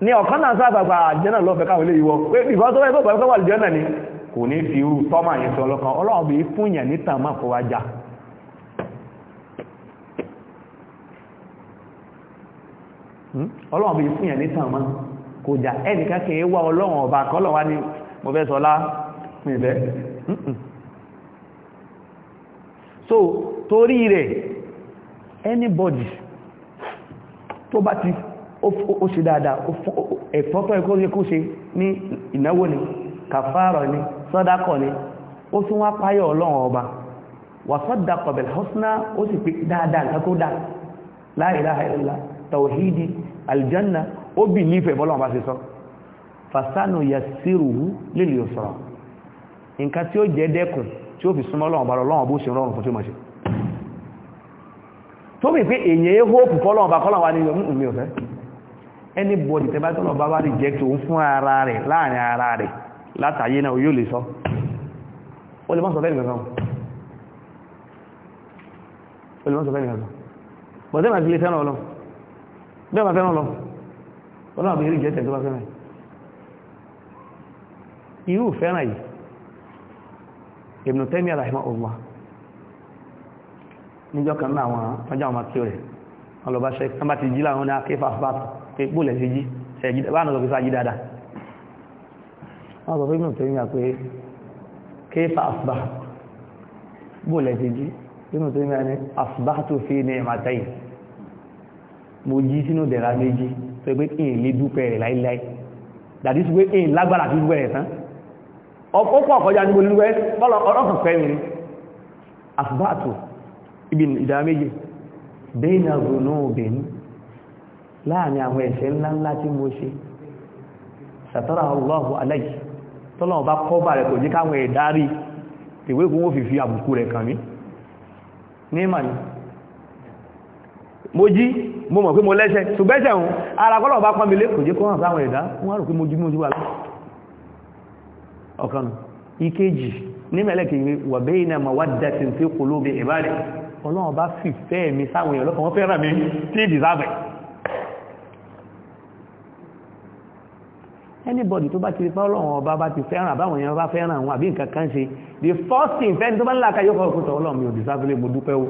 ní ọ̀kan náà sáàbàgbà aljanna ló fẹ́ káwọn iléyìnwọ́ pé ìfọ́ tó wáyé tó pẹ̀lú aljanna ni kò ní fi irú tọ́mà yẹn sọ lọ́kàn ọlọ́run bí fún yẹn ní tàmà kó wájà hmm? ọlọ́run bí fún yẹn ní tàmà kó jà ẹnìkan kì í wá ọlọ́run ọba kọ́lọ̀ wá ní mo fẹ́ sọlá mi fẹ́ so torí rẹ̀ anybody tó bá ti ó ṣe dáadáa ẹ̀fọ́ tó ẹkọ́ yẹ kó ṣe ní ìnáwó ni kàfàárọ̀ ni sọ́dákọ̀ ni ó tún wá páyọ̀ ọlọ́run ọba wà sọ́dákọ̀ bẹ̀rẹ̀ husna ó sì pé dáadáa nǹkan tó dá la aljanna ó bì nífẹ̀ẹ́ bọ́lọ́run fasanu yasiruhu lil yusra nǹkan tí ó jẹ́ dẹ́kun tí ó fi súnmọ́ Ọlọ́run ba Ọlọ́run bó ṣe rọrùn fún tí ó ma ṣe tó bí pé èyàn é hope fọ́lọ́run ba kọ́lọ́run wa ni mm, mm, mi ò fẹ́ anybody tẹ́ bá tọ́lọ̀ bá wá reject òun fún ara rẹ̀ láàrin ara rẹ̀ látàyé náà yóò lè sọ ó lè mọ́ sọ fẹ́ nìkan ó lè mọ́ sọ fẹ́ nìkan bọ̀dẹ́ màá fi lè fẹ́ràn Ọlọ́run bẹ́ẹ̀ ma fẹ́ràn Ọlọ́run Ọlọ́run àbí rí jẹ́ tẹ̀ tó bá fẹ́ràn irú fẹ́ràn yìí Ibn Taymiyyah rahimahullah níjọ́ kan náà àwọn ọjọ́ àwọn akíò rẹ̀ wọ́n lọ bá ṣe tán bá ti jí láwọn ní akéfà fàtà pé gbólẹ̀ sí jí báwọn lọ fi sáájí dáadáa wọ́n sọ fún Ibn Taymiyyah pé kéfà àfbà gbólẹ̀ sí jí Ibn Taymiyyah ní àfbà tó fi ní ìmàtẹ́yìn mo jí sínú ọ̀pọ̀ ọ̀kọ̀já ní olúwẹ́ ọlọ́fẹ́fẹ́ ni asibáàtò ibi ìdáméjì bẹ́ẹ̀nà ronú obìnrin láàrin àwọn ẹ̀ṣẹ̀ ńláńlá tí mo ṣe sàtọ́rà ọlọ́hù aláyì tọ́lọ́wọ́ bá kọ́ bà rẹ̀ kò jí káwọn ẹ̀dárí ìwé kún ó fi fi àbùkù rẹ̀ kàn mí ní ìmàní mo jí mo mọ̀ pé mo lẹ́ṣẹ̀ ṣùgbẹ́ṣẹ̀ hùn ara kọ́lọ̀ bá pọ́n mi lé kò jí kọ́ hàn sáwọn ẹ̀dá wọ́n rò pé mo jí mo jí wà lọ́wọ́ ọ̀kan ìkejì ní mẹ́lẹ̀kì wà bẹ́yìn náà ma wádà tí ń fi kò lóbi ìbáre ọlọ́run bá fi fẹ́ mi sáwọn èèyàn lọ́kàn wọ́n fẹ́ràn mi tí ìdìsáfẹ́ anybody tó bá ti rí fọ́lọ́run ọba bá ti fẹ́ràn àbáwọn èèyàn bá fẹ́ràn àwọn àbí the first thing fẹ́ni tó bá ńlá ka yóò kọ́ ọlọ́run mi ò dìsáfẹ́ mo dúpẹ́ o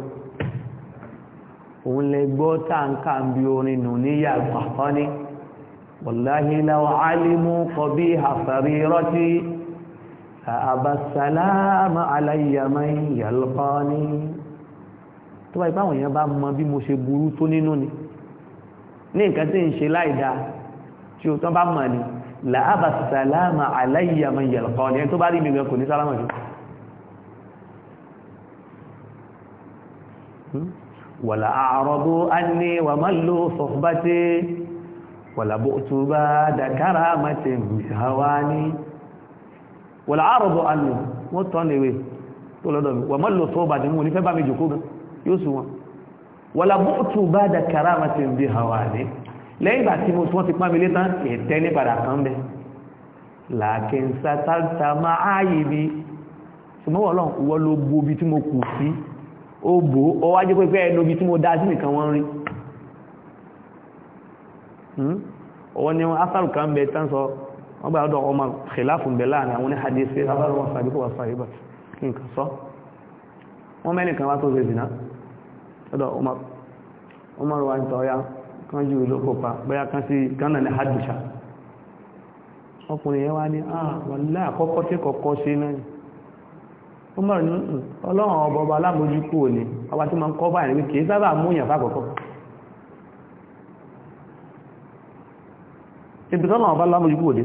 òun lẹ gbọ́ táǹkà ń bi àbá sàlámà aláyàmá yàlọ́pàá ní tó bá ipá àwọn èèyàn bá mọ bí mo ṣe burú tó nínú ni ní nǹkan tí ń ṣe láìdá tí ó tán bá mọ̀ ní làábà sàlámà aláyàmá yàlọ́pàá ní ẹni tó bá rí mi gan ní sálámà ní hmm? wọ̀lá àrọ̀bọ̀ alù wọ́n tọ́nà ìwé tó lọ́dọ̀ mi wọ̀mọ́ lọ sọ́ọ̀bà ní mú ní fẹ́ bá mi jòkó gan yóò sùn wọn wọ̀lá bóòtù bá da karama ti ń bí hawa ní lẹ́yìn ìgbà tí mo tún ti pán mi létán ẹ̀tẹ́ ní padà kan bẹ́ làákín sátàtà máa áyè mi ṣùgbọ́n wọ́n ló bu obi tí mo kù sí ó bò ó wá jẹ́ pé ẹnu obi tí mo dá sí nìkan wọ́n rí hmm? ọwọ́ ni wọ́n asàrù kan bẹ tán sọ wọ́n gbà ọdọ̀ Umar khilafun bẹ̀ láàrin àwọn oníhadisi abáwọn sàbíkò wà sàbíkò kí n kà sọ wọ́n mẹ́rin kan wá tó zè zìnà ọdọ̀ Umar Umar wá ń tọ́ ya kan jù ló kópa bóyá kan sí kan náà ní hadisha ọkùnrin yẹn wá ní àwọ̀lá ah, àkọ́kọ́ tí kọ̀kọ́ sí náà Umar ní mm, ọlọ́run ọba ọba alámojúkú òní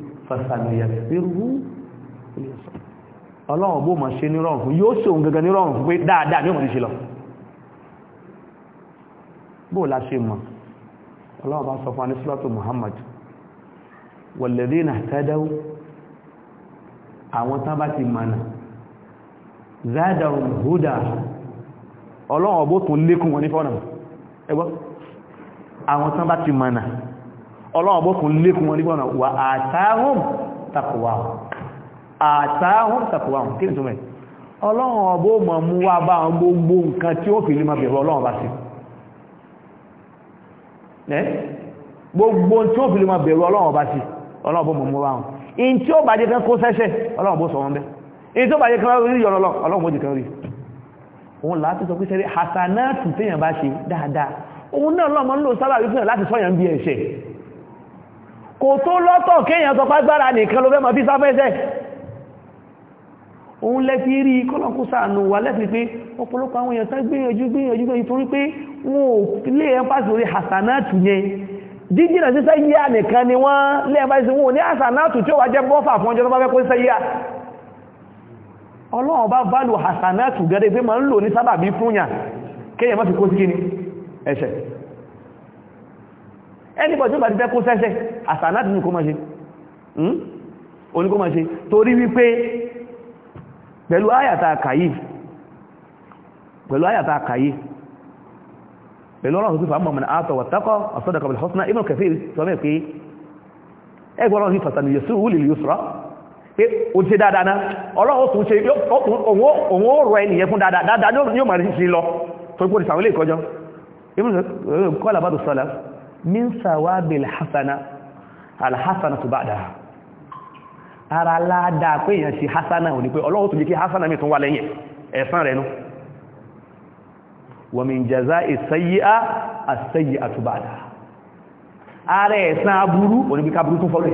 fasanuyasiruhu ọlọ́run bó ma ṣe nírọ̀rùn fún yóò ṣe òun gangan nírọ̀rùn fún pé dáadáa ní ọmọdé ṣe lọ bó la ṣe mọ̀ ọlọ́run bá sọ fún anísílọ́tò Muhammad walladhina tadaw àwọn tán bá ti mọ̀nà zadahum huda ọlọ́run bó tún lékún wọn ní fọ́nà ọlọ́run bó kún lékún wọn nígbọ́nà wà àtàhùn takọwàhùn àtàhùn takọwàhùn kí ni tó mẹ́ ọlọ́run ọbó mọ̀ mú wá bá wọn gbogbo nǹkan tí ó fi lè máa bẹ̀rọ ọlọ́run bá sí gbogbo tí ó fi lè máa bẹ̀rọ ọlọ́run bá sí ọlọ́run bó mọ̀ mú wá wọn in tí ó bá jẹ́ kan kó sẹ́sẹ́ kò tó lọ́tọ̀ kéèyàn sọ pàgbára nìkan ló fẹ́ mọ̀ bí sáfẹ́sẹ́ òun lẹ́fi rí kọ́lọ̀kú sàánù wà lẹ́fi pé ọ̀pọ̀lọpọ̀ àwọn èèyàn tán gbìyànjú gbìyànjú gbìyànjú torí pé wọn ò lè ẹmpásí orí hasanatu yẹn jíjìnà sí sẹ́yíà nìkan ni wọ́n lè ẹmpásí wọn ò ní hasanatu tí ó wà jẹ́ bọ́fà fún ọjọ́ tó bá fẹ́ kó sẹ́yíà ọlọ́run bá válù hasanatu gẹ́gẹ́ pé máa ń lò ní sábàbí fúnyà kéèyàn má fi kó sí kíni ẹ̀ṣẹ̀ anybody tó bá ti fẹ́ kó sẹ́sẹ́ àsànà tí ní kó máa ṣe oníkó hmm? máa ṣe torí wípé pẹ̀lú àyàtà àkàyè pẹ̀lú àyàtà àkàyè pẹ̀lú ọ̀rọ̀ òsìfà mọ̀mọ̀ àtọ̀ wàtàkọ́ ọ̀sọ́dọ̀kọ̀ bil husna Ibn Kathir sọ mẹ́ pé ẹgbọ́n ní fàtàlì yẹ̀sù wùlì yusra pé o na O ṣe dáadáa o ọlọ́run tún ṣe òun ó rọ ẹnìyẹn fún dáadáa dáadáa o máa rí sí lọ tó kó ti sàwọn ilé ìkọjọ́ kọ́lá bá tó sọ́lá min sawabi alhasana alhasana tó bá dáa ara láàdáa pé èyàn sí hasana ò ní pé ọlọ́run tó jẹ́ kí hasana mi tún wà lẹ́yìn ẹ̀san rẹ̀ nú wa min jazai sayyi'a as-sayyi'a tó bá dáa ara ẹ̀san aburú ò ní bí káburú tún fọ́lẹ̀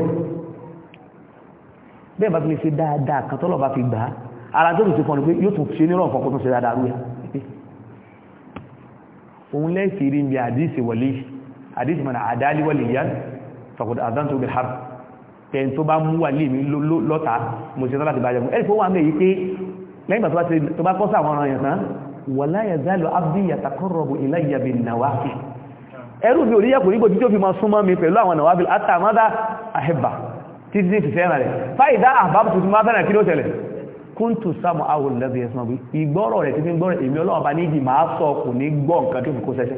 bẹ́ẹ̀ bá fi lè ṣe dáadáa kan tọ́lọ̀ bá fi gbà ara tó tún fọ́ ni pé yóò tún ṣe nírọ̀ nǹkan kó tún ṣe dáadáa rú ya òun lẹ́sìn rí ibi àdíṣe wọlé àdíjì mọ̀nà àdáliwọ̀lì yán fàkùdà àdántò bí harb tẹ́yìn tó bá mú wà lè mi lọ́ta mo ṣe tọ́lá ti bá jagun ẹ̀rìfọ́ wà mẹ́ yìí pé lẹ́yìn bàtọ́ tó bá kọ́sà àwọn ọ̀ràn yẹ̀sán wà láyà zálọ abdi yàtàkọ́rọ̀bù iláyàbì nàwáfì ẹrù mi ò rí yàkùn nígbò tí ó fi máa súnmọ́ mi pẹ̀lú àwọn nàwáfì àtàmádà àhẹ́bà títí ní fìfẹ́ rẹ̀ fáìdá àbábù tuntun máa fẹ́ràn kí ló tẹ̀lẹ̀ kúntù sáàmù àwọn olùlẹ́bẹ̀ẹ́sán bí ìgbọ́rọ̀ rẹ̀ ti fi gbọ́rọ̀ èmi ọlọ́ọ̀bá nídìí máa sọ kò ní gbọ́ nǹkan tó fi kó sẹ́sẹ́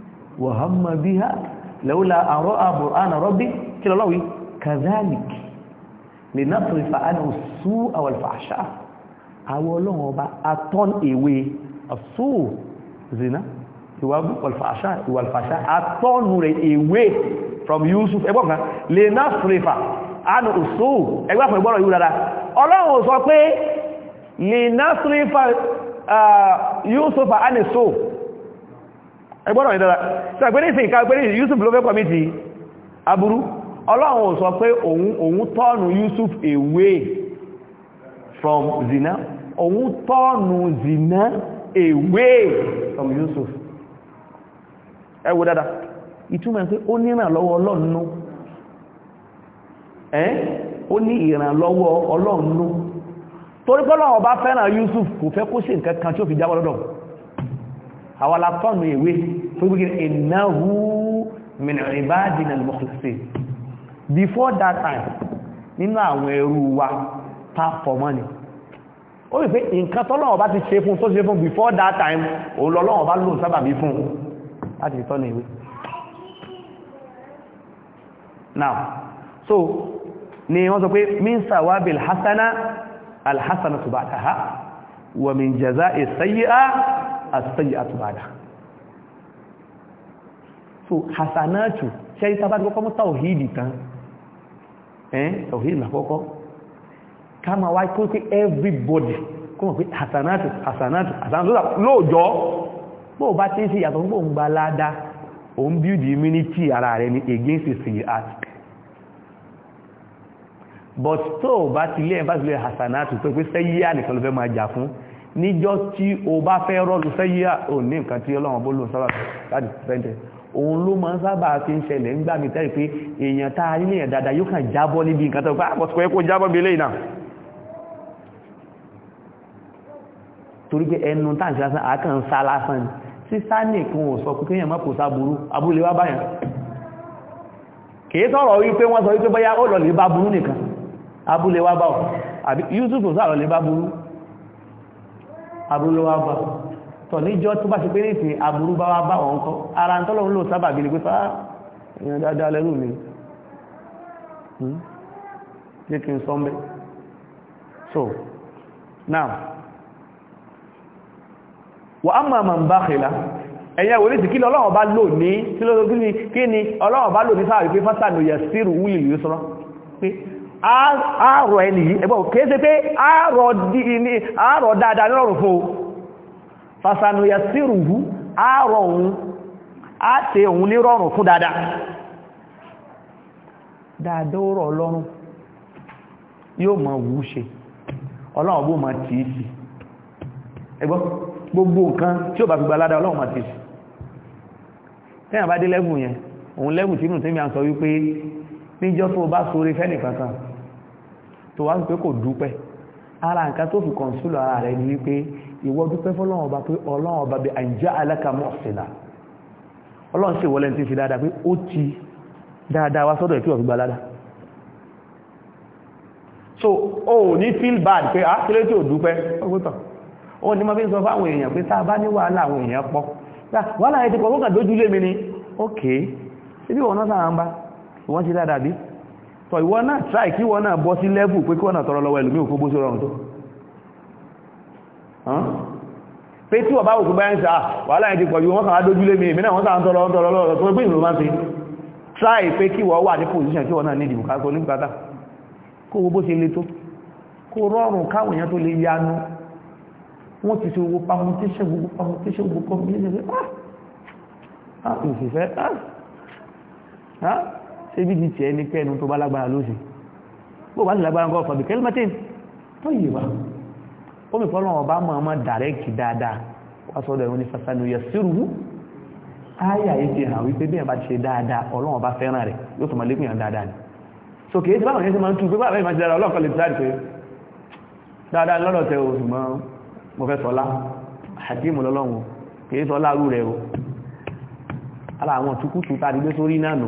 wa hamma biha laula an ra'a burana rabbi kila lawi kadhalik linasrifa anhu su'a wal fahsha awo Ọlọ́hun Ọba aton ewe asu zina iwa wal fahsha wal fahsha atonu re ewe from yusuf egbo kan linasrifa anhu su egbo fún egboro yura da Ọlọ́hun sọ pé linasrifa uh, yusuf anhu su ẹgbọ́dọ̀ ìdára tí àgbé nísìn ìka pé Yusuf ló fẹ́ kọmítì aburú ọlọ́run sọ pé òun tọ́ọ̀nù Yusuf away from zina òun tọ́ọ̀nù zina away from Yusuf ẹ dada dáadáa pé ó ní ìrànlọ́wọ́ ọlọ́run ẹ́n ó ní ìrànlọ́wọ́ ọlọ́run torípọ́lọ́wọ́ bá fẹ́ràn Yusuf kò fẹ́ kó ṣe nǹkan kan àwọn alátọ́nù ìwé tó gbígbé innahu min ibadina al-mukhlasin before that time nínú àwọn ẹrú wa ta fọmọ́ ni ó rí pé nǹkan tọ́lọ́wọ́ bá ti ṣe fún tó ṣe fún before that time olọ́lọ́wọ́ bá lò sábàbí fún láti tọ́nà ìwé now so ni wọ́n sọ pé min sawabil hasana alhassana tubataha wa min jaza'i sayyi'a as-sayyi'atu ba'da so hasanatu ṣe ìsábà tí kọ́kọ́ mú tàwíìdì tán ẹ́n tàwíìdì lákọ́kọ́ ká ma wá kó pé everybody kó mọ̀ pé hasanatu hasanatu hasanatu lóòjọ́ bó bá tí ń sí ìyàtọ̀ gbóò ń gba o ń build immunity ara rẹ̀ ní against the sea but tó bá ti lé ẹ̀ bá ti lé hasanatu pé pé sẹ́yí ànìkan ló fẹ́ máa jà fún níjọ́ tí o bá fẹ́ rọ́lù sẹ́yíyà ò ní nǹkan tí ọlọ́run bó lò sábà láti pẹ́ntẹ̀ òun ló máa ń sábà fi ń ṣẹlẹ̀ ń gbà mí tẹ́rì pé èèyàn tá a nílé yẹn dáadáa yóò kàn jábọ́ níbi nǹkan tó pàápọ̀ sí kò jábọ́ bí eléyìí náà torí pé ẹnu táǹsì lásán àákàn sá lásán ni sísá nìkan ò sọ pé kéèyàn má kò sáburú aburú lè wá báyàn kìí sọ̀rọ̀ wípé wọ́n sọ wípé bóyá ó lọ lè bá burú nìkan àbúrúlọ́wà bá tọ̀ níjọ́ tó bá ṣe pé ní ìsìn àbúrú bá wá bá wọn kọ́ ara ń tọ́lọ̀ ń lò sábà bí pé fá èèyàn dáadáa lẹ́rù mi ní hmm? kí n sọ mẹ́ so now wà á máa ń bá kìlá ẹ̀yẹ wòlé sí kí ni ọlọ́run bá lò ní ni ọlọ́run bá lò ní sáà wípé fásitì àmì yẹ̀ sírù wúlì àárọ̀ ẹni yìí ẹgbọ́n kìí ṣe pé àárọ̀ dáadáa lọ́rùn fún fàṣànúyà sírùhú àárọ̀ òun á tẹ òun ní rọrùn fún dáadáa dáadáa rọ̀ lọ́rùn yóò mọ̀ wú ṣe ọlọ́run bó mọ̀ tí í sí ẹgbọ́n gbogbo nǹkan tí ó bá fi gbalada tó wá pé kò dúpẹ́ ara nǹkan tó fi kọ̀nsúlù ara rẹ̀ ní wípé ìwọ dúpẹ́ fọ́lọ́wọ́n ọba pé ọlọ́wọ́n ọba bí àìjá alákàmọ́ ọ̀sìnà ọlọ́run ṣe wọlé ti fi dáadáa pé ó ti dáadáa wá sọ́dọ̀ ìpín ọ̀gbà ládá so o ò feel bad pé a ah, kílé tí ò dúpẹ́ ọgbọ́tọ̀ o ní ma fi ń sọ fáwọn èèyàn pé tá a bá ní wàhálà àwọn èèyàn pọ̀ wàhálà ẹ ti pọ̀ fún kàdójúlé mi ni ok ṣe bí wọn náà sáà ń bá ìwọ́n ti dáadáa bí tọ ìwọ náà try kí wọ́n náà bọ́ sí level pé kí wọ́n náà tọrọ lọ́wọ́ ẹlòmí òkú bó sí rọrùn tó pé tí wọ́n bá òkú báyìí sá wàhálà yẹn ti pọ̀jù wọ́n kàn á dójú lé mi èmi náà wọ́n sáà ń tọrọ ń tọrọ lọ́rọ̀ tó pé ìrùn máa ti try pé kí wọ́n wà ní position tí wọ́n náà nídìí bùkátà oníbùkátà kó wo bó ṣe le tó kó rọrùn káwọn èèyàn tó lè yanu wọ́n ti ṣe gbogbo permutation gbogbo permutation gbogbo combination ah ah ìfìfẹ́ ah ah ṣé bí ti tiẹ̀ ní kẹ́nu tó bá lágbára ló ṣe bó bá sì lágbára ń kọ́ fàbí kẹ́límẹ́tìn tó yìí wá ó mi fọ́lọ́ ọba mọ̀ ọmọ dàrẹ́kì dáadáa wá sọ́dọ̀ ẹ̀wọ̀n ní fasanu yẹ sírùú áyà yìí ti hàn wípé bí ẹ̀ bá ṣe dáadáa ọlọ́run ọba fẹ́ràn rẹ̀ yóò tó máa lékún yàn dáadáa ni so kìí sí báwọn yẹn ti máa ń tú pé báwọn yẹn máa ṣe dáadáa ọlọ́run kan lè sáré pé dáadáa lọ́dọ̀ tẹ o ṣùgbọ́n mo fẹ́ sọlá àkíyèmù lọ́lọ́run kìí sọlá rú rẹ̀ o ara àwọn tukutu tá a ti gbé sórí náà nù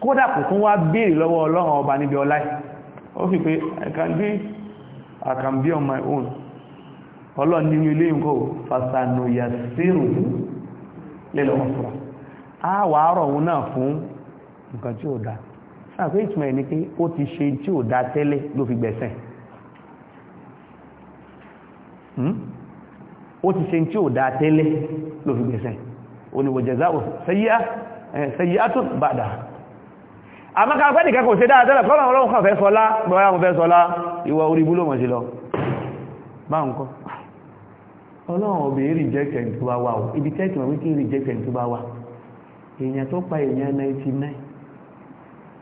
kódà kò tún wá béèrè lọ́wọ́ ọlọ́run ọba níbi ọlá ó fi pé i can be i can be on my own ọlọ́run nínú ilé nǹkan ò fàṣànà yàtìrù lẹ́lọ́ ọ̀fọ̀rọ̀ a wà á rọ̀ òun náà fún nǹkan tí ò dá sáàpé ìtumọ̀ ẹ̀ ni pé ó ti ṣe tí ò dá hmm? tẹ́lẹ̀ ló fi gbẹ̀sẹ̀ ó ti ṣe tí ò tó bàdà àmọ́ká pẹ́ nìkan kò ṣe dáadáa kọ́lọ̀ ọlọ́run kan fẹ́ sọlá bọ́yá mo fẹ́ sọlá ìwọ orí búlò mọ̀ sí lọ bá ń kọ́ ọlọ́run obìnrin reject ẹni tó bá wà ó ibi tẹ́tì wọn wíkí reject ẹni tó bá wà èèyàn tó pa èèyàn 99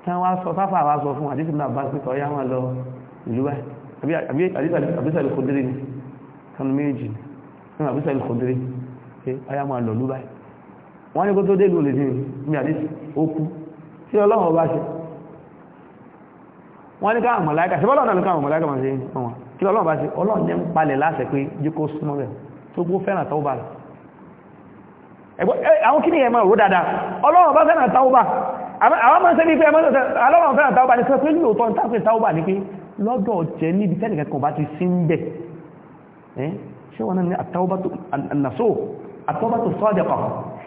tán wá sọ sáfà wá sọ fún àdísì náà bá sí tọ́ yá wọn lọ ìlú ẹ̀ àbísàlì kòdírí ni kanu méjì nínú àbísàlì kòdírí pé ayá máa lọ lúbáyì wọ́n ní kó tó dé ìlú olè tí ọlọ́run bá ṣe wọ́n ní káwọn mọ̀láíkà ṣe bọ́lọ́run náà káwọn mọ̀láíkà máa ṣe wọn tí ọlọ́run bá ṣe ọlọ́run ní ń palẹ̀ láṣẹ pé jíkó súnmọ́ rẹ̀ tó gbó fẹ́ràn tọ́wọ́ bá rẹ̀ àwọn kí ni ẹ̀mọ̀ rò dáadáa ọlọ́run bá fẹ́ràn tọ́wọ́ bá àwọn máa ń sẹ́ ní pé ọlọ́run fẹ́ràn tọ́wọ́ bá ní sọ pé lóòótọ́ ń tàpé tọ́wọ́ bá ní pé lọ́dọ̀ jẹ́ níbi tẹ́nìkan kan bá ti sí ń bẹ̀ ṣé wọn ní àtọ́wọ́ bá tó sọ́ọ̀dẹ̀kọ̀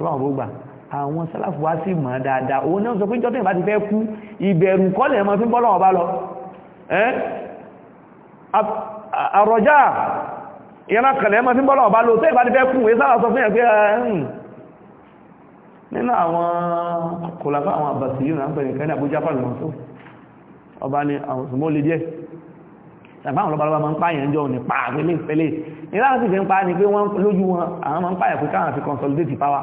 ọlọ́run bó gbà àwọn sálàfù wá sí mọ̀ dáadáa òun náà sọ pé jọ́tẹ̀ bá ti fẹ́ kú ìbẹ̀rù kọ́lẹ̀ mọ́ fi ń bọ́lọ́wọ́ bá lọ àrọ̀já ìyànà kọ̀lẹ̀ mọ́ fi ń bọ́lọ́wọ́ bá lọ tẹ́ ìbá ti fẹ́ kú èyí sára sọ fún ẹ̀ pé ẹ̀hùn hmm. nínú àwọn kòlàfà àwọn àbàsì yìí náà pẹ̀lú ìkẹ́lẹ̀ àbújá pàlù wọn tó ọba ni àwọn òsùnmọ́ lè díẹ̀ ṣàfáwọn lọ́bàlọ́bà máa ń pààyàn jọ ní pàà pẹ́lẹ̀ pẹ́lẹ̀ ní láti fi ń pa ní pé wọ́n lójú wọn àwọn máa ń pààyàn pé káwọn fi consolidate power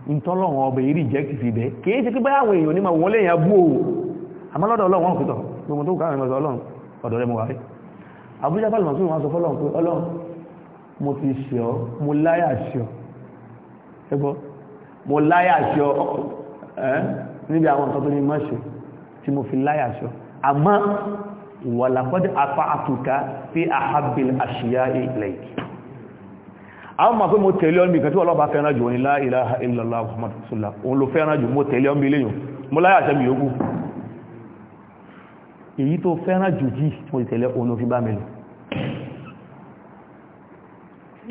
ìtọ́lọ̀wọ̀n ọbẹ̀ yìí rìjẹ́kì fi bẹ́ kìí ṣe kí àwọn èèyàn ní ma wọlé èèyàn bú o àmọ́lọ́dọ̀ ọlọ́run wọn kìtọ̀ gbogbo tó kàrin mọ́sọ ọlọ́run ọ̀dọ̀ rẹ mo wà rí Abuja palma tún wọn sọ fọlọ́run pé ọlọ́run mo ti ṣe ọ mo láyà ṣe ọ ẹgbọ́ mo láyà ṣe ọ ẹ níbi àwọn nǹkan tó ní mọ́ ṣe tí mo fi láyà ṣe ọ àmọ́ ìwàlàkọ́dẹ̀ apá àtùkà fi àhábìl àṣìyá ilẹ̀ yìí àwọn ma pé mo tẹ̀lé ọmọ ìkan tí wọ́n lọ́ba fẹ́ràn jù ní la ilaha illallah muhammadu rasulullah òun ló fẹ́ràn jù mo tẹ̀lé ọmọ iléyìn mo láyà àṣẹ́mi yókù èyí tó fẹ́ràn jù jí mo ti tẹ̀lé òun ló fi bá mi lò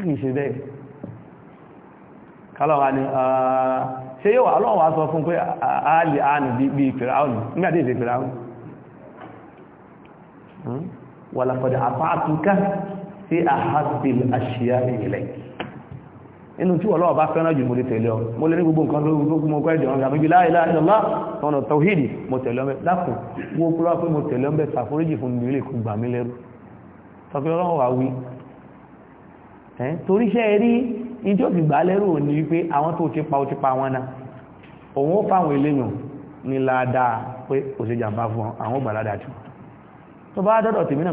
kìí ṣe bẹ́ẹ̀ kálọ̀wà ni ṣe yóò wà lọ́wọ́ sọ fún pé àálì àánì inú tí wọ́lọ́wọ́ bá fẹ́ràn jù mo lè tẹ̀lé ọ mo lè ní gbogbo nǹkan tó gbogbo mo kọ́ ìdìrán àmì la ilaha illallah ọ̀nà tọ̀hídì mo tẹ̀lé ọmọ lákùn wo kúrò pé mo tẹ̀lé ọmọ ṣàforíjì fún mi lè kú gbà mí lẹ́rú sọ pé ọlọ́run wà wí torí iṣẹ́ rí ní tí ó fi gbà lẹ́rú ò ní wípé àwọn tó ti na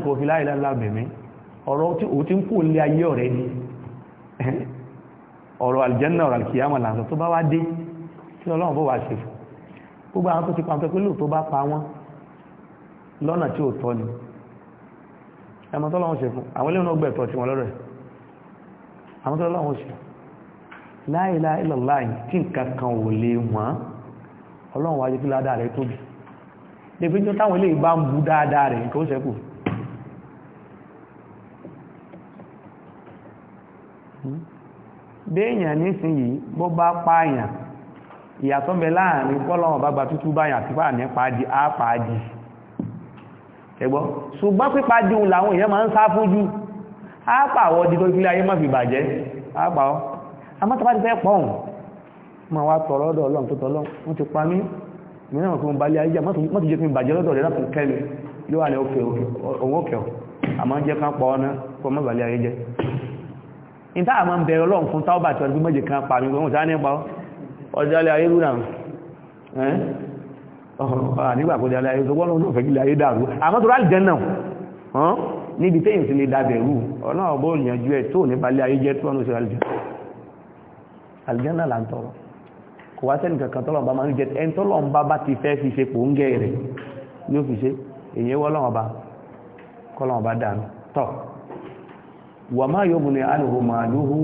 òun la ilaha illallah bẹ̀mí ọ̀rọ̀ tí ó ọ̀rọ̀ aljanna ọ̀rọ̀ alkiyama làǹsọ̀ tó bá wá dé tí ọlọ́run bó wá ṣe fún gbogbo àwọn tó ti pàǹtọ́ pé lóòótọ́ bá pa wọ́n lọ́nà tí ò tọ́ ni ẹmọ tó lọ́wọ́ ṣe fún àwọn ilé ìrìnàgbẹ̀ tọ́ tí wọ́n lọ́rẹ̀ àwọn tó lọ́wọ́ ṣe la ilaha illallah tí nǹkan kan ò lè béèyàn nísìnyìí bó bá pààyàn ìyàtọ̀ bẹ láàrin pọ́lọ́wọ̀n bá gba tútú báyàn àti pàà ní pàájì àpàájì ẹgbọ́ ṣùgbọ́n pípàájì òun làwọn èèyàn máa ń sá fójú àpàwọ̀ di tó kílé ayé má fi bàjẹ́ àpàwọ̀ amátàbá ti fẹ́ pọ̀hùn ma wá tọrọ ọ̀dọ̀ ọlọ́run tó tọ́lọ́ wọ́n ti pa mí mìíràn kí wọ́n bá lé ayé mọ́ ti jẹ́ kí n bàjẹ́ lọ́dọ̀ rẹ̀ láti kẹ́mi yóò wà ní òkè òkè mọ́ bàlẹ́ ayé ìta àmọ́ ń bẹ̀rẹ̀ ọlọ́run fún táwọ́bà tí wọ́n gbé méje kan pàmì gbọ́n sáà nípa ọjọ́lẹ̀ ayé rúnà nígbàkójọ́lẹ̀ ayé rúnà ló fẹ́ gílẹ̀ ayé dàrú àmọ́ tó ráàlì jẹ́nà níbi tẹ́yìn sí lè dàbẹ̀rú ọlọ́run bó yànjú ẹ̀ tó nípa ilé ayé jẹ́ tó ọ̀nà òṣèlú àlìjẹ́nà là ń tọrọ kò wá sẹ́nì kankan tọ́lọ̀ bá máa ń jẹ ẹni tọ́lọ̀ ń tọ́ wa ma yughni anhu maluhu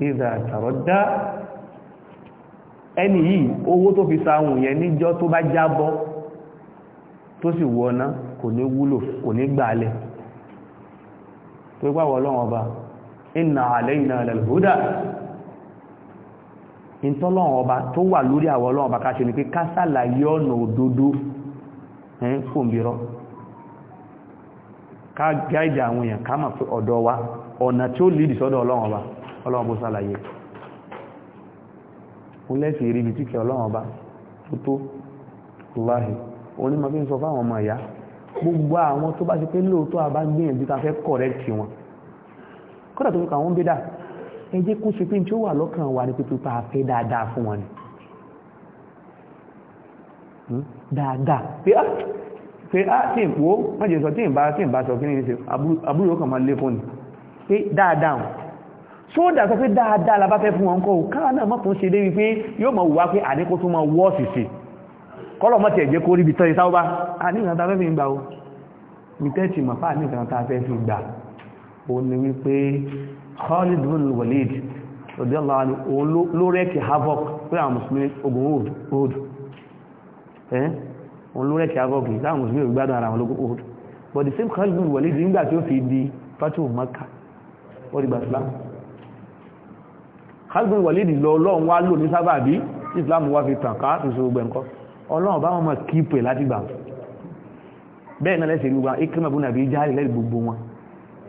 idha taradda ẹni yìí owó tó fi sáhùn yẹn níjọ́ tó bá jábọ́ tó sì wọ́ná kò ní wúlò kò ní gbàálẹ̀ tó gbà wọ́n lọ́wọ́ ọba inna alayna lal-huda ìtọ́lọ́wọ́ ọba tó wà lórí àwọn ọlọ́wọ́ ọba ká ṣe ni pé ká ṣàlàyé ọ̀nà òdodo ẹ̀ fòǹbìrọ̀ ká gáìdì àwọn èèyàn ká mọ̀ pé ọ̀dọ̀ wa ọ̀nà tí ó lìdì sọ́dọ̀ ọlọ́run ọba ọlọ́run bó sàlàyé fún lẹ́sì rí ibi tíkẹ ọlọ́run ọba tó tó láàáhì onímọ̀ fi ń sọ fáwọn ọmọ gbogbo àwọn tó bá ṣe pé lóòótọ́ àbá gbìyànjú ta fẹ́ wọn kọ́dà tó bídà ẹ jẹ́ kó ṣe pé tí ó wà lọ́kàn wà ní pé á ah, tí ń pò mẹ́jẹ̀ sọ tí ń bá tí ń bá sọ kí ní ṣe àbúrò kan máa lé fóònù pé dáadáa dá sọ pé dáadáa la bá fẹ́ fún wọn kọ́ káà náà mọ́ tó ṣe dé wípé yóò mọ̀ wá pé àníkó tó mọ́ wọ́ọ̀sì sí kọ́lọ̀ mọ́ ti ẹ̀jẹ́ kó ríbi tán ìsáwọ́bá àníkàn tafẹ́ fi ń gbà ó ní tẹ́ẹ̀tì mọ̀ fà àníkàn tafẹ́ fi gbà ó ní wípé Khalid bin Walid radiyallahu anhu òun ló rẹ́ẹ̀kì havoc pé àwọn mùsùlùmí ogun hood òun ló rẹ̀kì agọ́gì láwọn mùsùlùmí ò gbádùn ara wọn lógún Uhud but the same Khalid bin Walid nígbà tí ó fi di fatu Makka ó di gbàsílá Khalid bin Walid lọ ọlọ́run wá lò ní sábà bí Islam wá fi tàn ká tó so gbogbo ẹ̀kọ́ ọlọ́run bá wọn mọ̀ kí pè láti gbà bẹ́ẹ̀ náà lẹ́sẹ̀ gbogbo Ikrimah bin Abi Jahl gbogbo wọn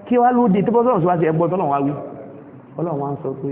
kí wá ló dé tó bọ́ sọ́run wá sí ẹgbọ́ tọ́lọ́run wá wí ọlọ́run wá ń sọ pé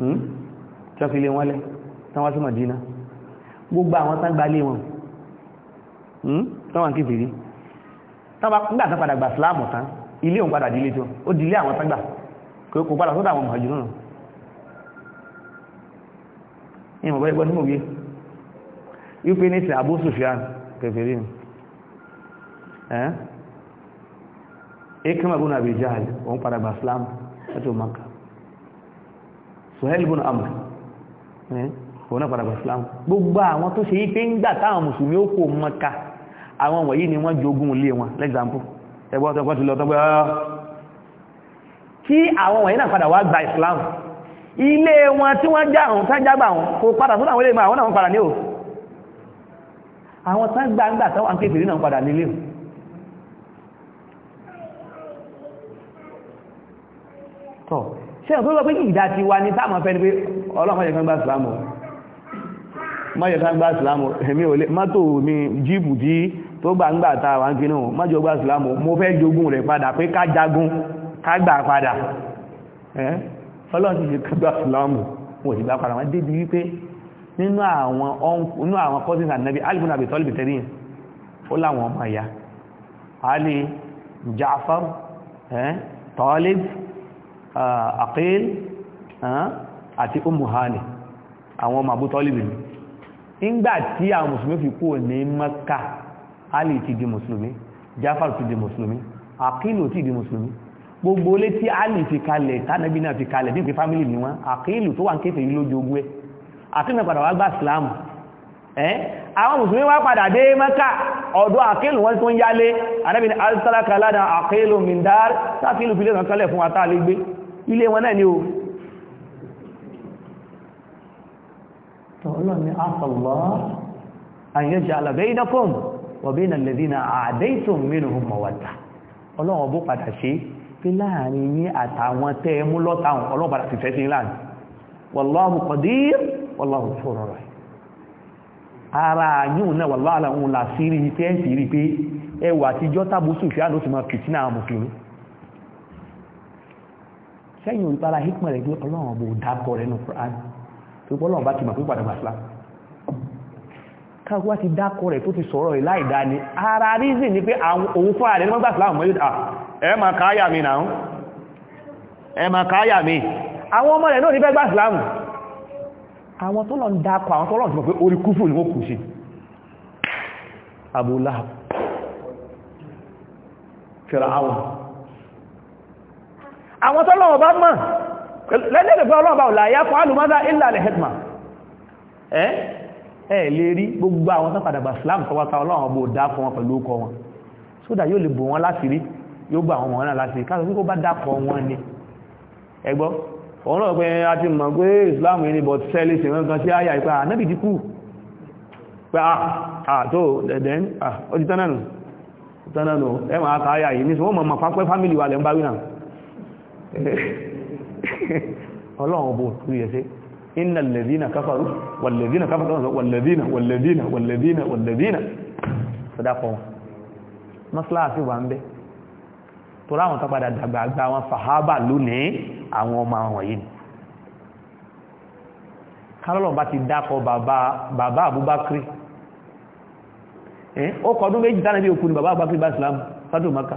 Hmm? tí wọ́n fi lé wọn lẹ̀ tán wá sí Mọ̀dínà gbogbo àwọn tán lé wọn tán wọn kéfèé rí nígbà tán padà gbà síláàmù tán ilé òun padà dílé tó ó dílé àwọn tán gbà kò padà sọ́dọ̀ àwọn mọ̀jú náà ní ìmọ̀bọ̀ ẹgbọ́n tí mò Suhail ibn Amr eh, òun náà padà bá Islam gbogbo àwọn tó ṣe yí pé ń gbà táwọn mùsùlùmí ó kò Mọ́kà àwọn wọ̀nyí ni wọ́n jogún ilé wọn lẹ́gbàmpù ẹgbọ́n tó Islam ilé wọn tí wọ́n já àwọn tájágbà wọn kò padà tó àwọn ilé mọ́ àwọn náà padà ní o àwọn tágbà ń gbà sẹ́yìn tó sọ pé ìdá ti wa ní táàmù afẹ́ ni pé ọlọ́mọdé kan gbá ìsìlámù mọ́jọ kan gbá ìsìlámù èmi ò lè mọ́tò mi jíìpù tí tó gbà ń gbà ta wà ń kínú mọ́jọ gbá ìsìlámù mo fẹ́ jogún rẹ̀ nabi alifun abi tọ́lìbì tẹ́lì ó láwọn ọmọ ìyá Ali Ja'far Talib àkíl àti umuhani àwọn ọmọ àbútọ́lìbì nígbà tí àwọn mùsùlùmí fi kúrò ní mẹ́kà alì ti di mùsùlùmí jáfàr ti di mùsùlùmí àkíl ò ti di mùsùlùmí gbogbo olé tí alì fi kalẹ̀ tánàbí náà fi kalẹ̀ bí pé fámílì ni wọ́n àkíl tó wà ń kéfèé lójú ogún ẹ̀ àti mẹ́padà wá gbà ìsìlámù ẹ́ àwọn musulmi wá padà dé Mákà ọ̀dọ̀ àkílù wọ́n tó ń yálé ilé wọn náà ni o tọ́lọ́ ni asàlọ́ àyẹ́jẹ́ alàbẹ́ ìdákùn wọ̀bí na lèdínà àdẹ́ìtùn mínúhùn mọ̀wàtà ọlọ́wọ̀n bó padà ṣe pé láàrin yí àtàwọn tẹ́ mú lọ́tàun ọlọ́pàá ti fẹ́ sí láàrin wallahu qadir wallahu fòrò rẹ̀ ara yíò náà wàláhùn làṣírí tẹ́ẹ̀sì rí pé ẹwà àtijọ́ tàbí sùfíà ló ti máa kìtínà mùsùlùmí sẹ́yìn ìtara hikma rẹ̀ pé ọlọ́run ọbọ̀ dákọ̀ rẹ̀ nù Qur'an tó pọ́ ọlọ́run bá ti mọ̀ pé padà gbàsílá káàkiri wá ti dákọ̀ rẹ̀ tó ti sọ̀rọ̀ ìláìdá ni ara rízì ni pé òun fún ààrẹ nígbà sílá àmọ́ yóò ẹ máa káyà mi náà ẹ máa káyà mi àwọn ọmọ rẹ̀ náà nífẹ́ gbà sílá mù àwọn tó lọ àwọn tọ́lọ́wọ́ bá mọ̀ lẹ́lẹ́lẹ́ fún ọlọ́ọ̀bá ò láyá fún alùmọ́dá ilẹ̀ alẹ́hẹ́tìmá ẹ́ ẹ̀ lè rí gbogbo àwọn sápadàgbà Islam tọwata ọlọ́wọ́ bó dá fún wọn pẹ̀lú ọkọ̀ wọn sódà yóò lè bò wọn láti rí yóò bá àwọn náà láti rí káàkiri kíkó bá dákọ̀ wọn ni ẹgbọ́ ọ̀rọ̀ pé a ti mọ̀ pé Islam ni bọ̀ tẹ́lẹ̀ sí wọn kan sí àyà ìpá ah, ànábì ti kú pé à tó ẹ̀dẹ̀ ó ti tánà nù tánà nù ẹ̀wọ̀n àkàáyà yìí ní sọ wọ́n mọ̀ pàpẹ́ fámìlì wa lẹ́ ń bá wí náà ọlọ́run bó tú yẹ sí iná lèdínà káfàrú wàlèdínà káfàrú wàlèdínà wàlèdínà wàlèdínà wàlèdínà sọ́dápọ̀ mọ́síláàfí wà ń bẹ́ tó ráwọn tó padà dàgbàgbà wọn fàhábà lónìí àwọn ọmọ àwọn yìí kálọ́lọ̀ bá ti dákọ bàbá àbúbákírí ó kọdún méjì tánàbí òkú ni bàbá àbúbákírí bá ìsìlámù sádùn maka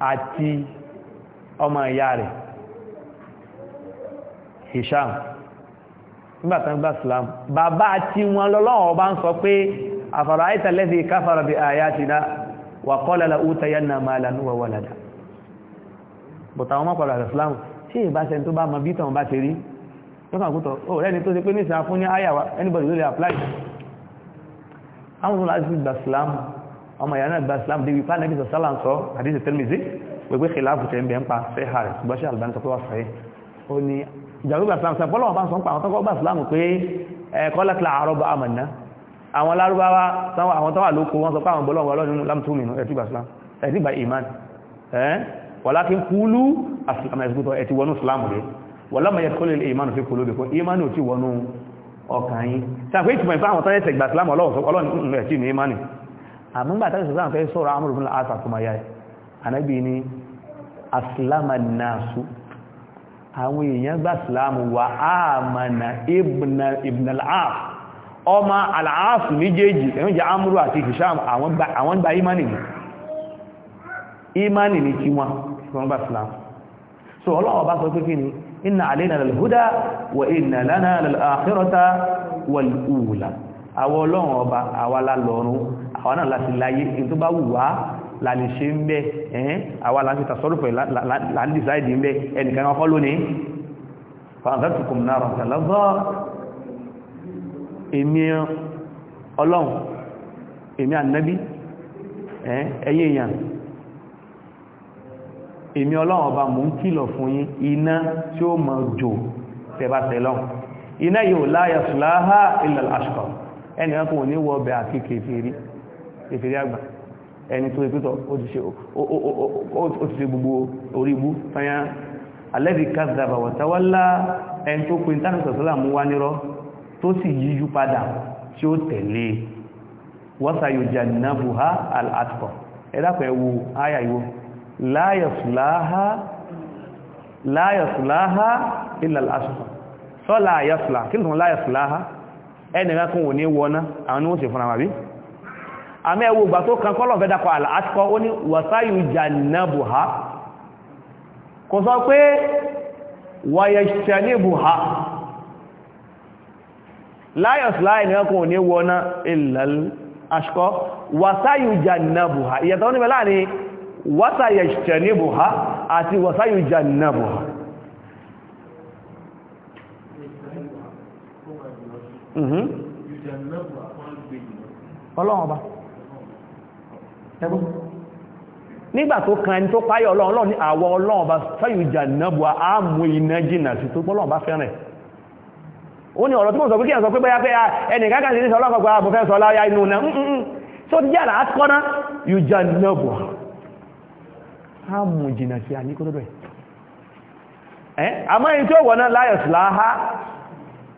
àti ọmọ ìyá rẹ̀ Hisham nígbàtán gbà Islam bàbá àti wọn lọ́lọ́wọ́ bá ń sọ pé àfàrà àìtàlẹ́sì káfàrà bí ayatina wa qala la utayanna malan wa walada bọ̀tà wọn mọ́pàá rẹ̀ Islam tí ìbá ṣe oh, anybody ló lè apply àwọn olùlàsí gbà Islam ọmọ ìyá náà gba islam débi pa nẹ́bí sọ́sálà ń sọ àdíṣẹ́ tẹ́lẹ̀mìsí wípé kìláàfù tẹ́ ń bẹ̀ ń pa fẹ́ ha rẹ̀ ṣùgbọ́n ṣe àlùbáni sọ pé wà fẹ́ ó ní ìjàgbégbà islam sọ pọ́lọ́ wọn bá ń sọ ń pa àwọn tọ́kọ́ gba islam pé kọ́lẹ́tìlá àárọ̀ bá àmàna àwọn lárúbáwá àwọn tọ́wà lóko wọn sọ pé àwọn bọ́lọ́ wọn lọ́nà lámtúmìnú ẹ̀tìgbà islam ẹ̀tìgbà iman walakin kúlú àfihàn ẹ̀sìkútọ̀ ẹ̀tì wọnú islam rẹ̀ wọ́lọ́mọ̀ ọkàn yìí sàpé ìtumọ̀ ìfáwọn tọ́yẹ̀sẹ̀ gbà islam ọlọ́run ẹ̀tì ní ìmánu àmúgbà tàbí sọ́sọ́ àfẹ́ sọ́rọ̀ amúrùfún àṣà tó ma yá ẹ̀ anábì ní aslamannasu àwọn èèyàn gbà islamu wa amana ibn al'af ọmọ al'af méjèèjì ẹ̀yìn jẹ́ amúrù àti hisham àwọn gba imani ni imani ni kí wọn wọ́n gbà islamu so ọlọ́wọ́ bá sọ pé kí ni inna alaina lalhuda wa inna lana lal akhirata àwọn ọlọ́run ọba àwa la lọ́run àwa náà láti láyé èyí tó bá wù wá la lè ṣe ń bẹ́ ẹ̀hẹ́n àwa láti tàṣọ́rùpẹ̀ láti dìsáìdì ń bẹ́ ẹnìkan ọkọ́ lónìí fàǹdàtùkùn náà rọ̀tàlọ́gbọ́ èmi ọlọ́run èmi ànábí ẹ̀yin èèyàn èmi ọlọ́run ọba mò ń kìlọ̀ fún yín ẹni ẹkùn ní wọ ọbẹ̀ àti kèfèrí kèfèrí àgbà ẹni tó ìpítọ̀ ó ti ṣe gbogbo orígbú fẹ́yà alẹ́bí kazaba wọ̀tawọ́lá ẹni tó pín tánàtọ̀sọ́lá mú wá nírọ́ tó sì yíjú padà tí ó tẹ̀lé e. wọ́sàyòjà nàbùhá al'atọ̀ ẹ̀dàpẹ̀ wo áyà ìwò láyàsùláhá ilẹ̀ al'asùfà sọ́lá àyàsùlá kí lùtùn láyàsùláhá ẹnìkan kún ò ní wọná àwọn ni wọ́n sì fúnra wàbí àmì ẹwọ ìgbà tó kan kọ́lọ̀ fẹ́ dákọ̀ àtìkọ́ ó ní wàsáyù jànàbùhá kò sọ pé wàyẹ̀ṣẹ̀nìbùhá láyọ̀s láì nìkan kún ò ní wọná ilẹ̀ àṣkọ́ wàsáyù jànàbùhá ìyàtọ̀ níbẹ̀ láàrin wàsáyẹ̀ṣẹ̀nìbùhá àti Mm-hmm. ọlọ́run ọba ẹgbọ́n nígbà tó kan ẹni tó páyọ̀ ọlọ́run ọlọ́run ní àwọ ọlọ́run ọba fẹ́yù jàǹdàbù àmú iná jìnà sí tó pọ́lọ́run bá fẹ́rẹ̀ ó ní ọ̀rọ̀ tí mo sọ pé kí ẹ̀ sọ pé bóyá pé ẹnì kankan sí ní sọ ọlọ́run ọgbà mo fẹ́ sọ láyá inú náà tó ti yàrá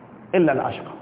kọ́ná yù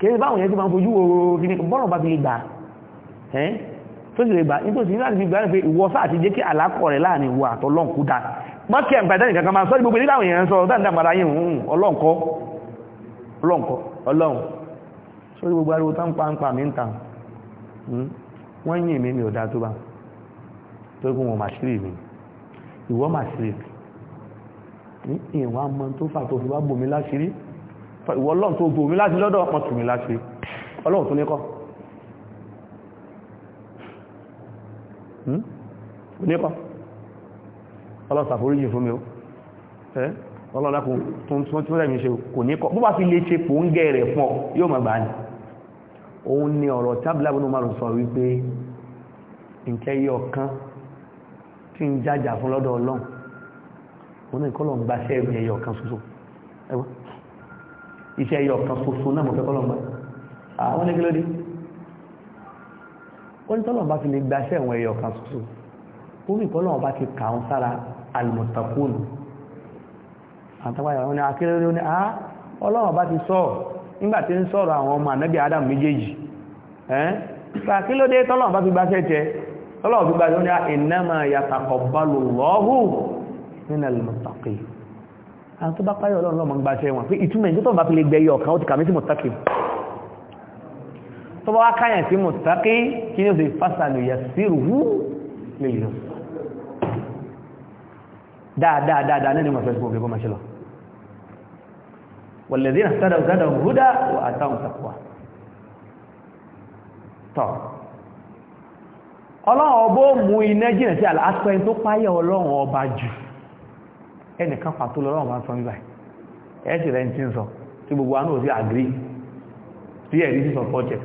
kìí báwọn yẹn tí máa fojú ooo kìí bọ́rọ̀ bá fi lè gbà ẹ́ tó sì lè gbà ní tó sì láti fi gbà ní pé ìwọ sáà ti jẹ́ kí àlákọ̀ rẹ̀ láàrin ìwọ àtọlọ́n kú dáa mọ́kì àgbàdá nìkan kan máa sọ gbogbo níláwọn èèyàn sọ dáadáa mara yìí hùn ọlọ́nkọ́ ọlọ́nkọ́ ọlọ́run sórí gbogbo ariwo tán pa ń pa mí ń tàn hmm? wọ́n yìn mí àmọ́ tó fà tó fi wá bòmí láṣìírí ìwọ ọlọ́run tó gbòmí láti lọ́dọ̀ ọ̀pọ̀ tùmí láti ọlọ́run tó níkọ́ hmm? níkọ́ ọlọ́run ṣàforíjì fún mi ó ọlọ́run lákùn tó tí mẹ́rin ṣe kò níkọ́ bó bá fi lè ṣe pò ń gẹ́ rẹ̀ fún ọ yóò máa gbà ní òun ni ọ̀rọ̀ tábìlábùnú márùn sọ wípé nǹkẹ́ yí ọ̀kan tí ń jájà fún iṣẹ́ ẹyọ kan ṣoṣo náà mo fẹ́ kọ́lọ́mà àwọn ní kí ló dé ó ní tọ́lọ́mà fi lè gbaṣẹ́ ìwọ̀n ẹyọ kan ṣoṣo ó ní kọ́lọ́mà bá ti kà ń sára almutakun àtàwáyà wọn ni akérèrè ó ní a ọlọ́mà bá ti sọ nígbà tí ń sọ̀rọ̀ àwọn ọmọ ànábì adam àwọn tó bá páyọ̀ ọlọ́run lọ́mọ gbáṣẹ́ wọn pé ìtumẹ̀ tó bá fi lè gbẹ̀yọ̀ ọ̀kan ó ti kàmí sí mọ̀tákì tó bá wá káyàn sí mọ̀tákì kí ní ó sì fásàlù yà sí rúhú lè yọ dáadáadáa nínú mọ̀fẹ́ fún obìnrin kọmọṣẹ́ lọ wọ̀lẹ̀dí na sádà òsádà òhúdá wà àtàwọn sàkọwà ẹnìkan pàtó lọ́rọ̀ máa sọ nígbà ẹ̀ sì rẹ̀ ń tí ń sọ tí gbogbo àánú sí àgírí sí ẹ̀rí sí sọpọ́jẹ̀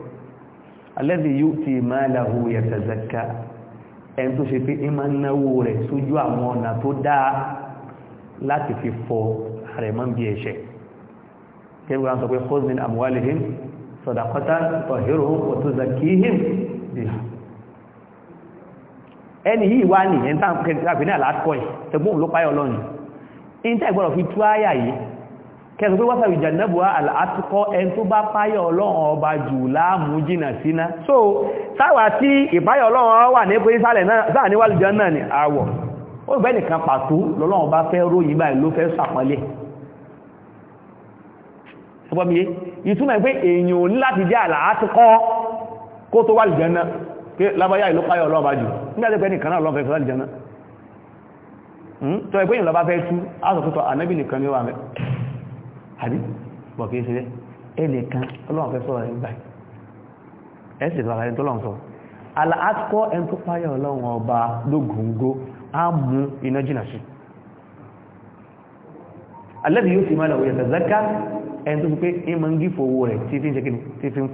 alẹ́bí yóò ti máa láhù yẹ̀tẹ̀zẹ̀ká ẹn tó ṣe pé ìmá náwó rẹ̀ sójú àwọn ọ̀nà tó dáa láti fi fọ ààrẹ mọ́ bí ẹ̀ṣẹ̀ ẹni yìí wá ní ẹni tàbí ní àlàkọ́ ẹ̀ ẹgbóhùn ló páyọ̀ lọ́nìí ìntẹ́ ìgbọ́rọ̀ fi tú áyà yìí kẹsùn pé wọ́sàwì jàndẹ́bùwá àtúkọ́ ẹn tó bá páyọ̀ ọlọ́run ọba jù láàmú jìnà síná so sáwà tí ìpáyọ̀ ọlọ́run wà ní pé sálẹ̀ náà ní ni àwọ̀ ó gbẹ́ nìkan pàtó lọ́lọ́run bá fẹ́ ròyìn báyìí ló fẹ́ sàpọ́lẹ̀ ẹgbọ́mìye ìtumọ̀ pé èèyàn ò ní láti jẹ́ àlà àtúkọ́ kó tó wàlùjọ náà pé lábáyà ìlú páyọ̀ tọ́ ẹgbẹ́ ìlọ́bá fẹ́ tú ásọ̀kútọ̀ ànábì nìkan ní wà mẹ́ àbí bọ̀ kìí ṣe rẹ̀ ẹnìkan ọlọ́run fẹ́ sọ̀rọ̀ ẹgbà ẹ̀sì tọ́lá ẹni tọ́lọ́run sọ aláàkọ́ ẹni tó páyà ọlọ́run ọba lógúngó á mú iná jìnà sí alẹ́bí yóò sì máa lọ òyìnbó zaka ẹni tó fi pé ń mọ ń gí fowó rẹ̀ tí fi ń ṣe kí ni tí fi ń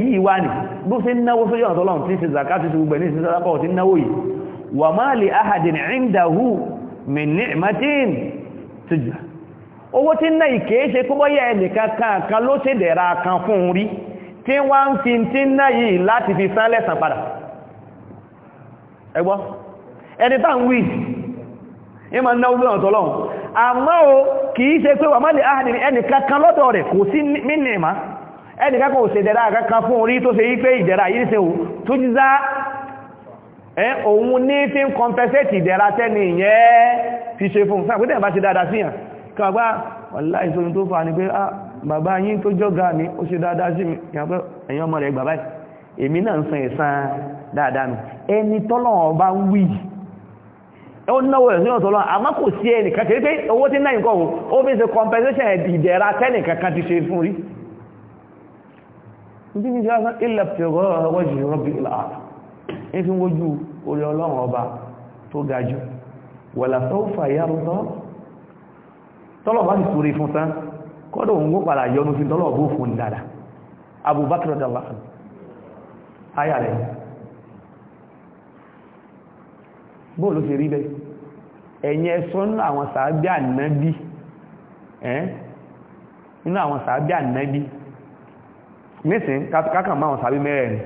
yìí wá ní bó ṣe náwó sójú ọ̀nà tọ́lọ́run tí ń ṣe zaka ti ṣe gbogbo ẹ̀ ní ìṣẹ́ wa ma li ahadin 'indahu min ni'matin tujza owó tin na ike se ko boye ẹnìkan kan kan ló ṣe dẹ̀ra kan fún rí tin wa nfin tin na yi lati fi san lẹ́san egbo eni tan nwi, e ma na ogun ọ̀tọ̀lọ́hun àmọ́ o kìí ṣe pé wa ma li ahadin ẹnìkan kan lọ́dọ̀ rẹ̀ kò sí min ni'ma ẹnìkan kò ṣe dẹ̀ra kan fún rí tó yi pé ìdẹ̀ra yìí ṣe o tujza òun ní tí ń compensate ìdẹ̀ra tẹ́ni ìyẹn fi ṣe fún sáà pẹ́tẹ̀ bá ṣe dáadáa síyàn kí wọ́n gbá wàlá ìṣòro tó fà ní pé ah bàbá yín tó jọ́gá mi ó ṣe dáadáa sí mi ìyàpẹ́ ẹ̀yàn ọmọ rẹ̀ gbàbáyì èmi náà ń san ẹ̀san dáadáa mi ẹni tọ́lọ̀wọ̀n bá ń wí ó compensation ìdẹ̀ra tẹ́nìkan kan ti ṣe fún rí ilẹ̀ pẹ̀lú ọwọ́jì rọ́bì ìlà ààrùn ń fi wójú orí ọlọ́run ọba tó ga jù wọ̀là sọ́ọ̀fà yárútọ́ tọ́lọ̀ bá ti sórí fún tán kọ́dọ̀ òun ó padà yọnu sí tọ́lọ̀ bó fún dada Abubakar radallahu anhu ayà rẹ̀ bóòlù ṣe rí bẹ́ ẹ̀yìn ẹ̀sọ́ nínú àwọn sàábí ànábí nínú àwọn sàábí ànábí nísìn kákàmọ́ àwọn sàábí mẹ́rẹ̀ẹ̀rin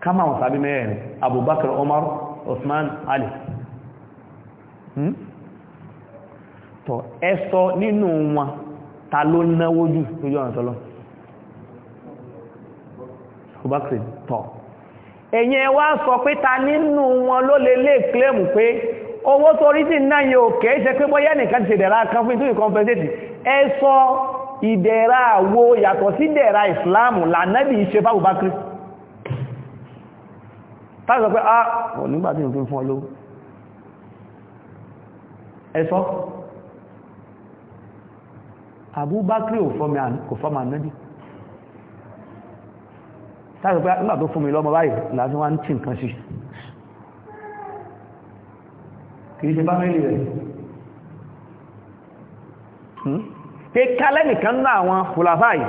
ká máa wọn Abubakar Omar Osman Ali hmm? tọ́ ẹsọ nínú wọn ta lo náwó ju lójú ọ̀nà tọ́lọ́ Abubakar tọ́ ẹ̀yin sọ pé ta nínú wọn ló lè lè pé owó tó rí òkè ṣe pé bóyá nìkan ti kan compensate táàzọ pé a ah, wọ̀ nígbà tí n fi fún ọ lówó ẹ̀sọ́ Abubakar ò fọ́ mi kò fọ́ ma nẹ́bí táàzọ pé nígbà tó fún mi lọ́mọ báyìí láti wá ń tí nǹkan sí kìí ṣe bá mẹ́lì rẹ̀ hmm? pé kálẹ́ nìkan náà àwọn fùlàfáì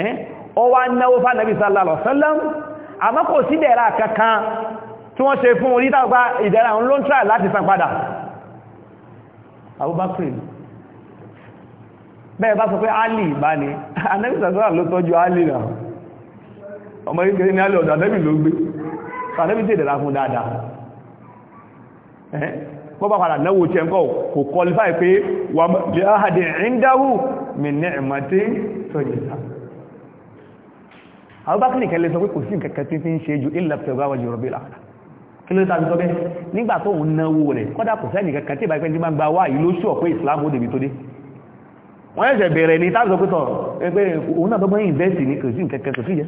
ẹ̀ náwó fánàbí sallallahu alaihi àmọ́ kò sí dẹ̀ra kankan tí wọ́n ṣe fún orítàgbà ìdẹ̀ra òun ló ń try láti san padà Abubakar bẹ́ẹ̀ bá sọ pé Ali bá ní anẹ́bìsàtọ́rà ló tọ́jú Ali náà ọmọ ìkẹrẹ ní Ali ọ̀dọ̀ anẹ́bì ló gbé anẹ́bì tí ìdẹ̀ra fún dáadáa bọ́bá padà náwó tí ẹnkọ́ kò qualify pé wà jẹ́ àdìrín dáhù min ni'mati tọ́jẹ̀ta àwọ́bákìrì kẹlẹ̀ sọ pé kò sí kẹkẹ tí fi ń ṣe ju ìlàpẹ̀gbáwàjì rọ̀bí láàrá kí ló tàbí sọ́bẹ́ nígbà tó ń náwó rẹ̀ kọ́dà kò sẹ́ni kẹkẹ tí ìbáyẹ̀pẹ́ tí máa gba wá ìlú sọ pé ìsìlámù ó dèbí tó dé wọ́n ẹ̀ṣẹ̀ bẹ̀rẹ̀ ní tàbí sọ pé sọ pé òun náà tọ́gbọ́n ìnvẹ́sì ní kò sí kẹkẹ tó fìyẹ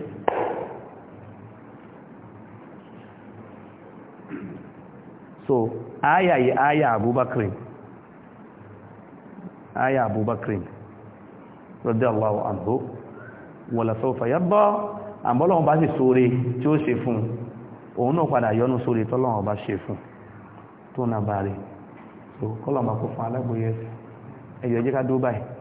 so aya yìí aya Abubakar aya Abubakar radiyallahu anhu wala sawfa yarda àmọ́lọ́wọ́n bá sì sóre tí ó ṣe fún òun náà padà yọnú sóre tọ́lọ́wọ́n bá ṣe fún tó náà bá rí so kọ́lọ̀ kó fún alágbóyẹ ẹ̀yọ̀ jẹ́ ká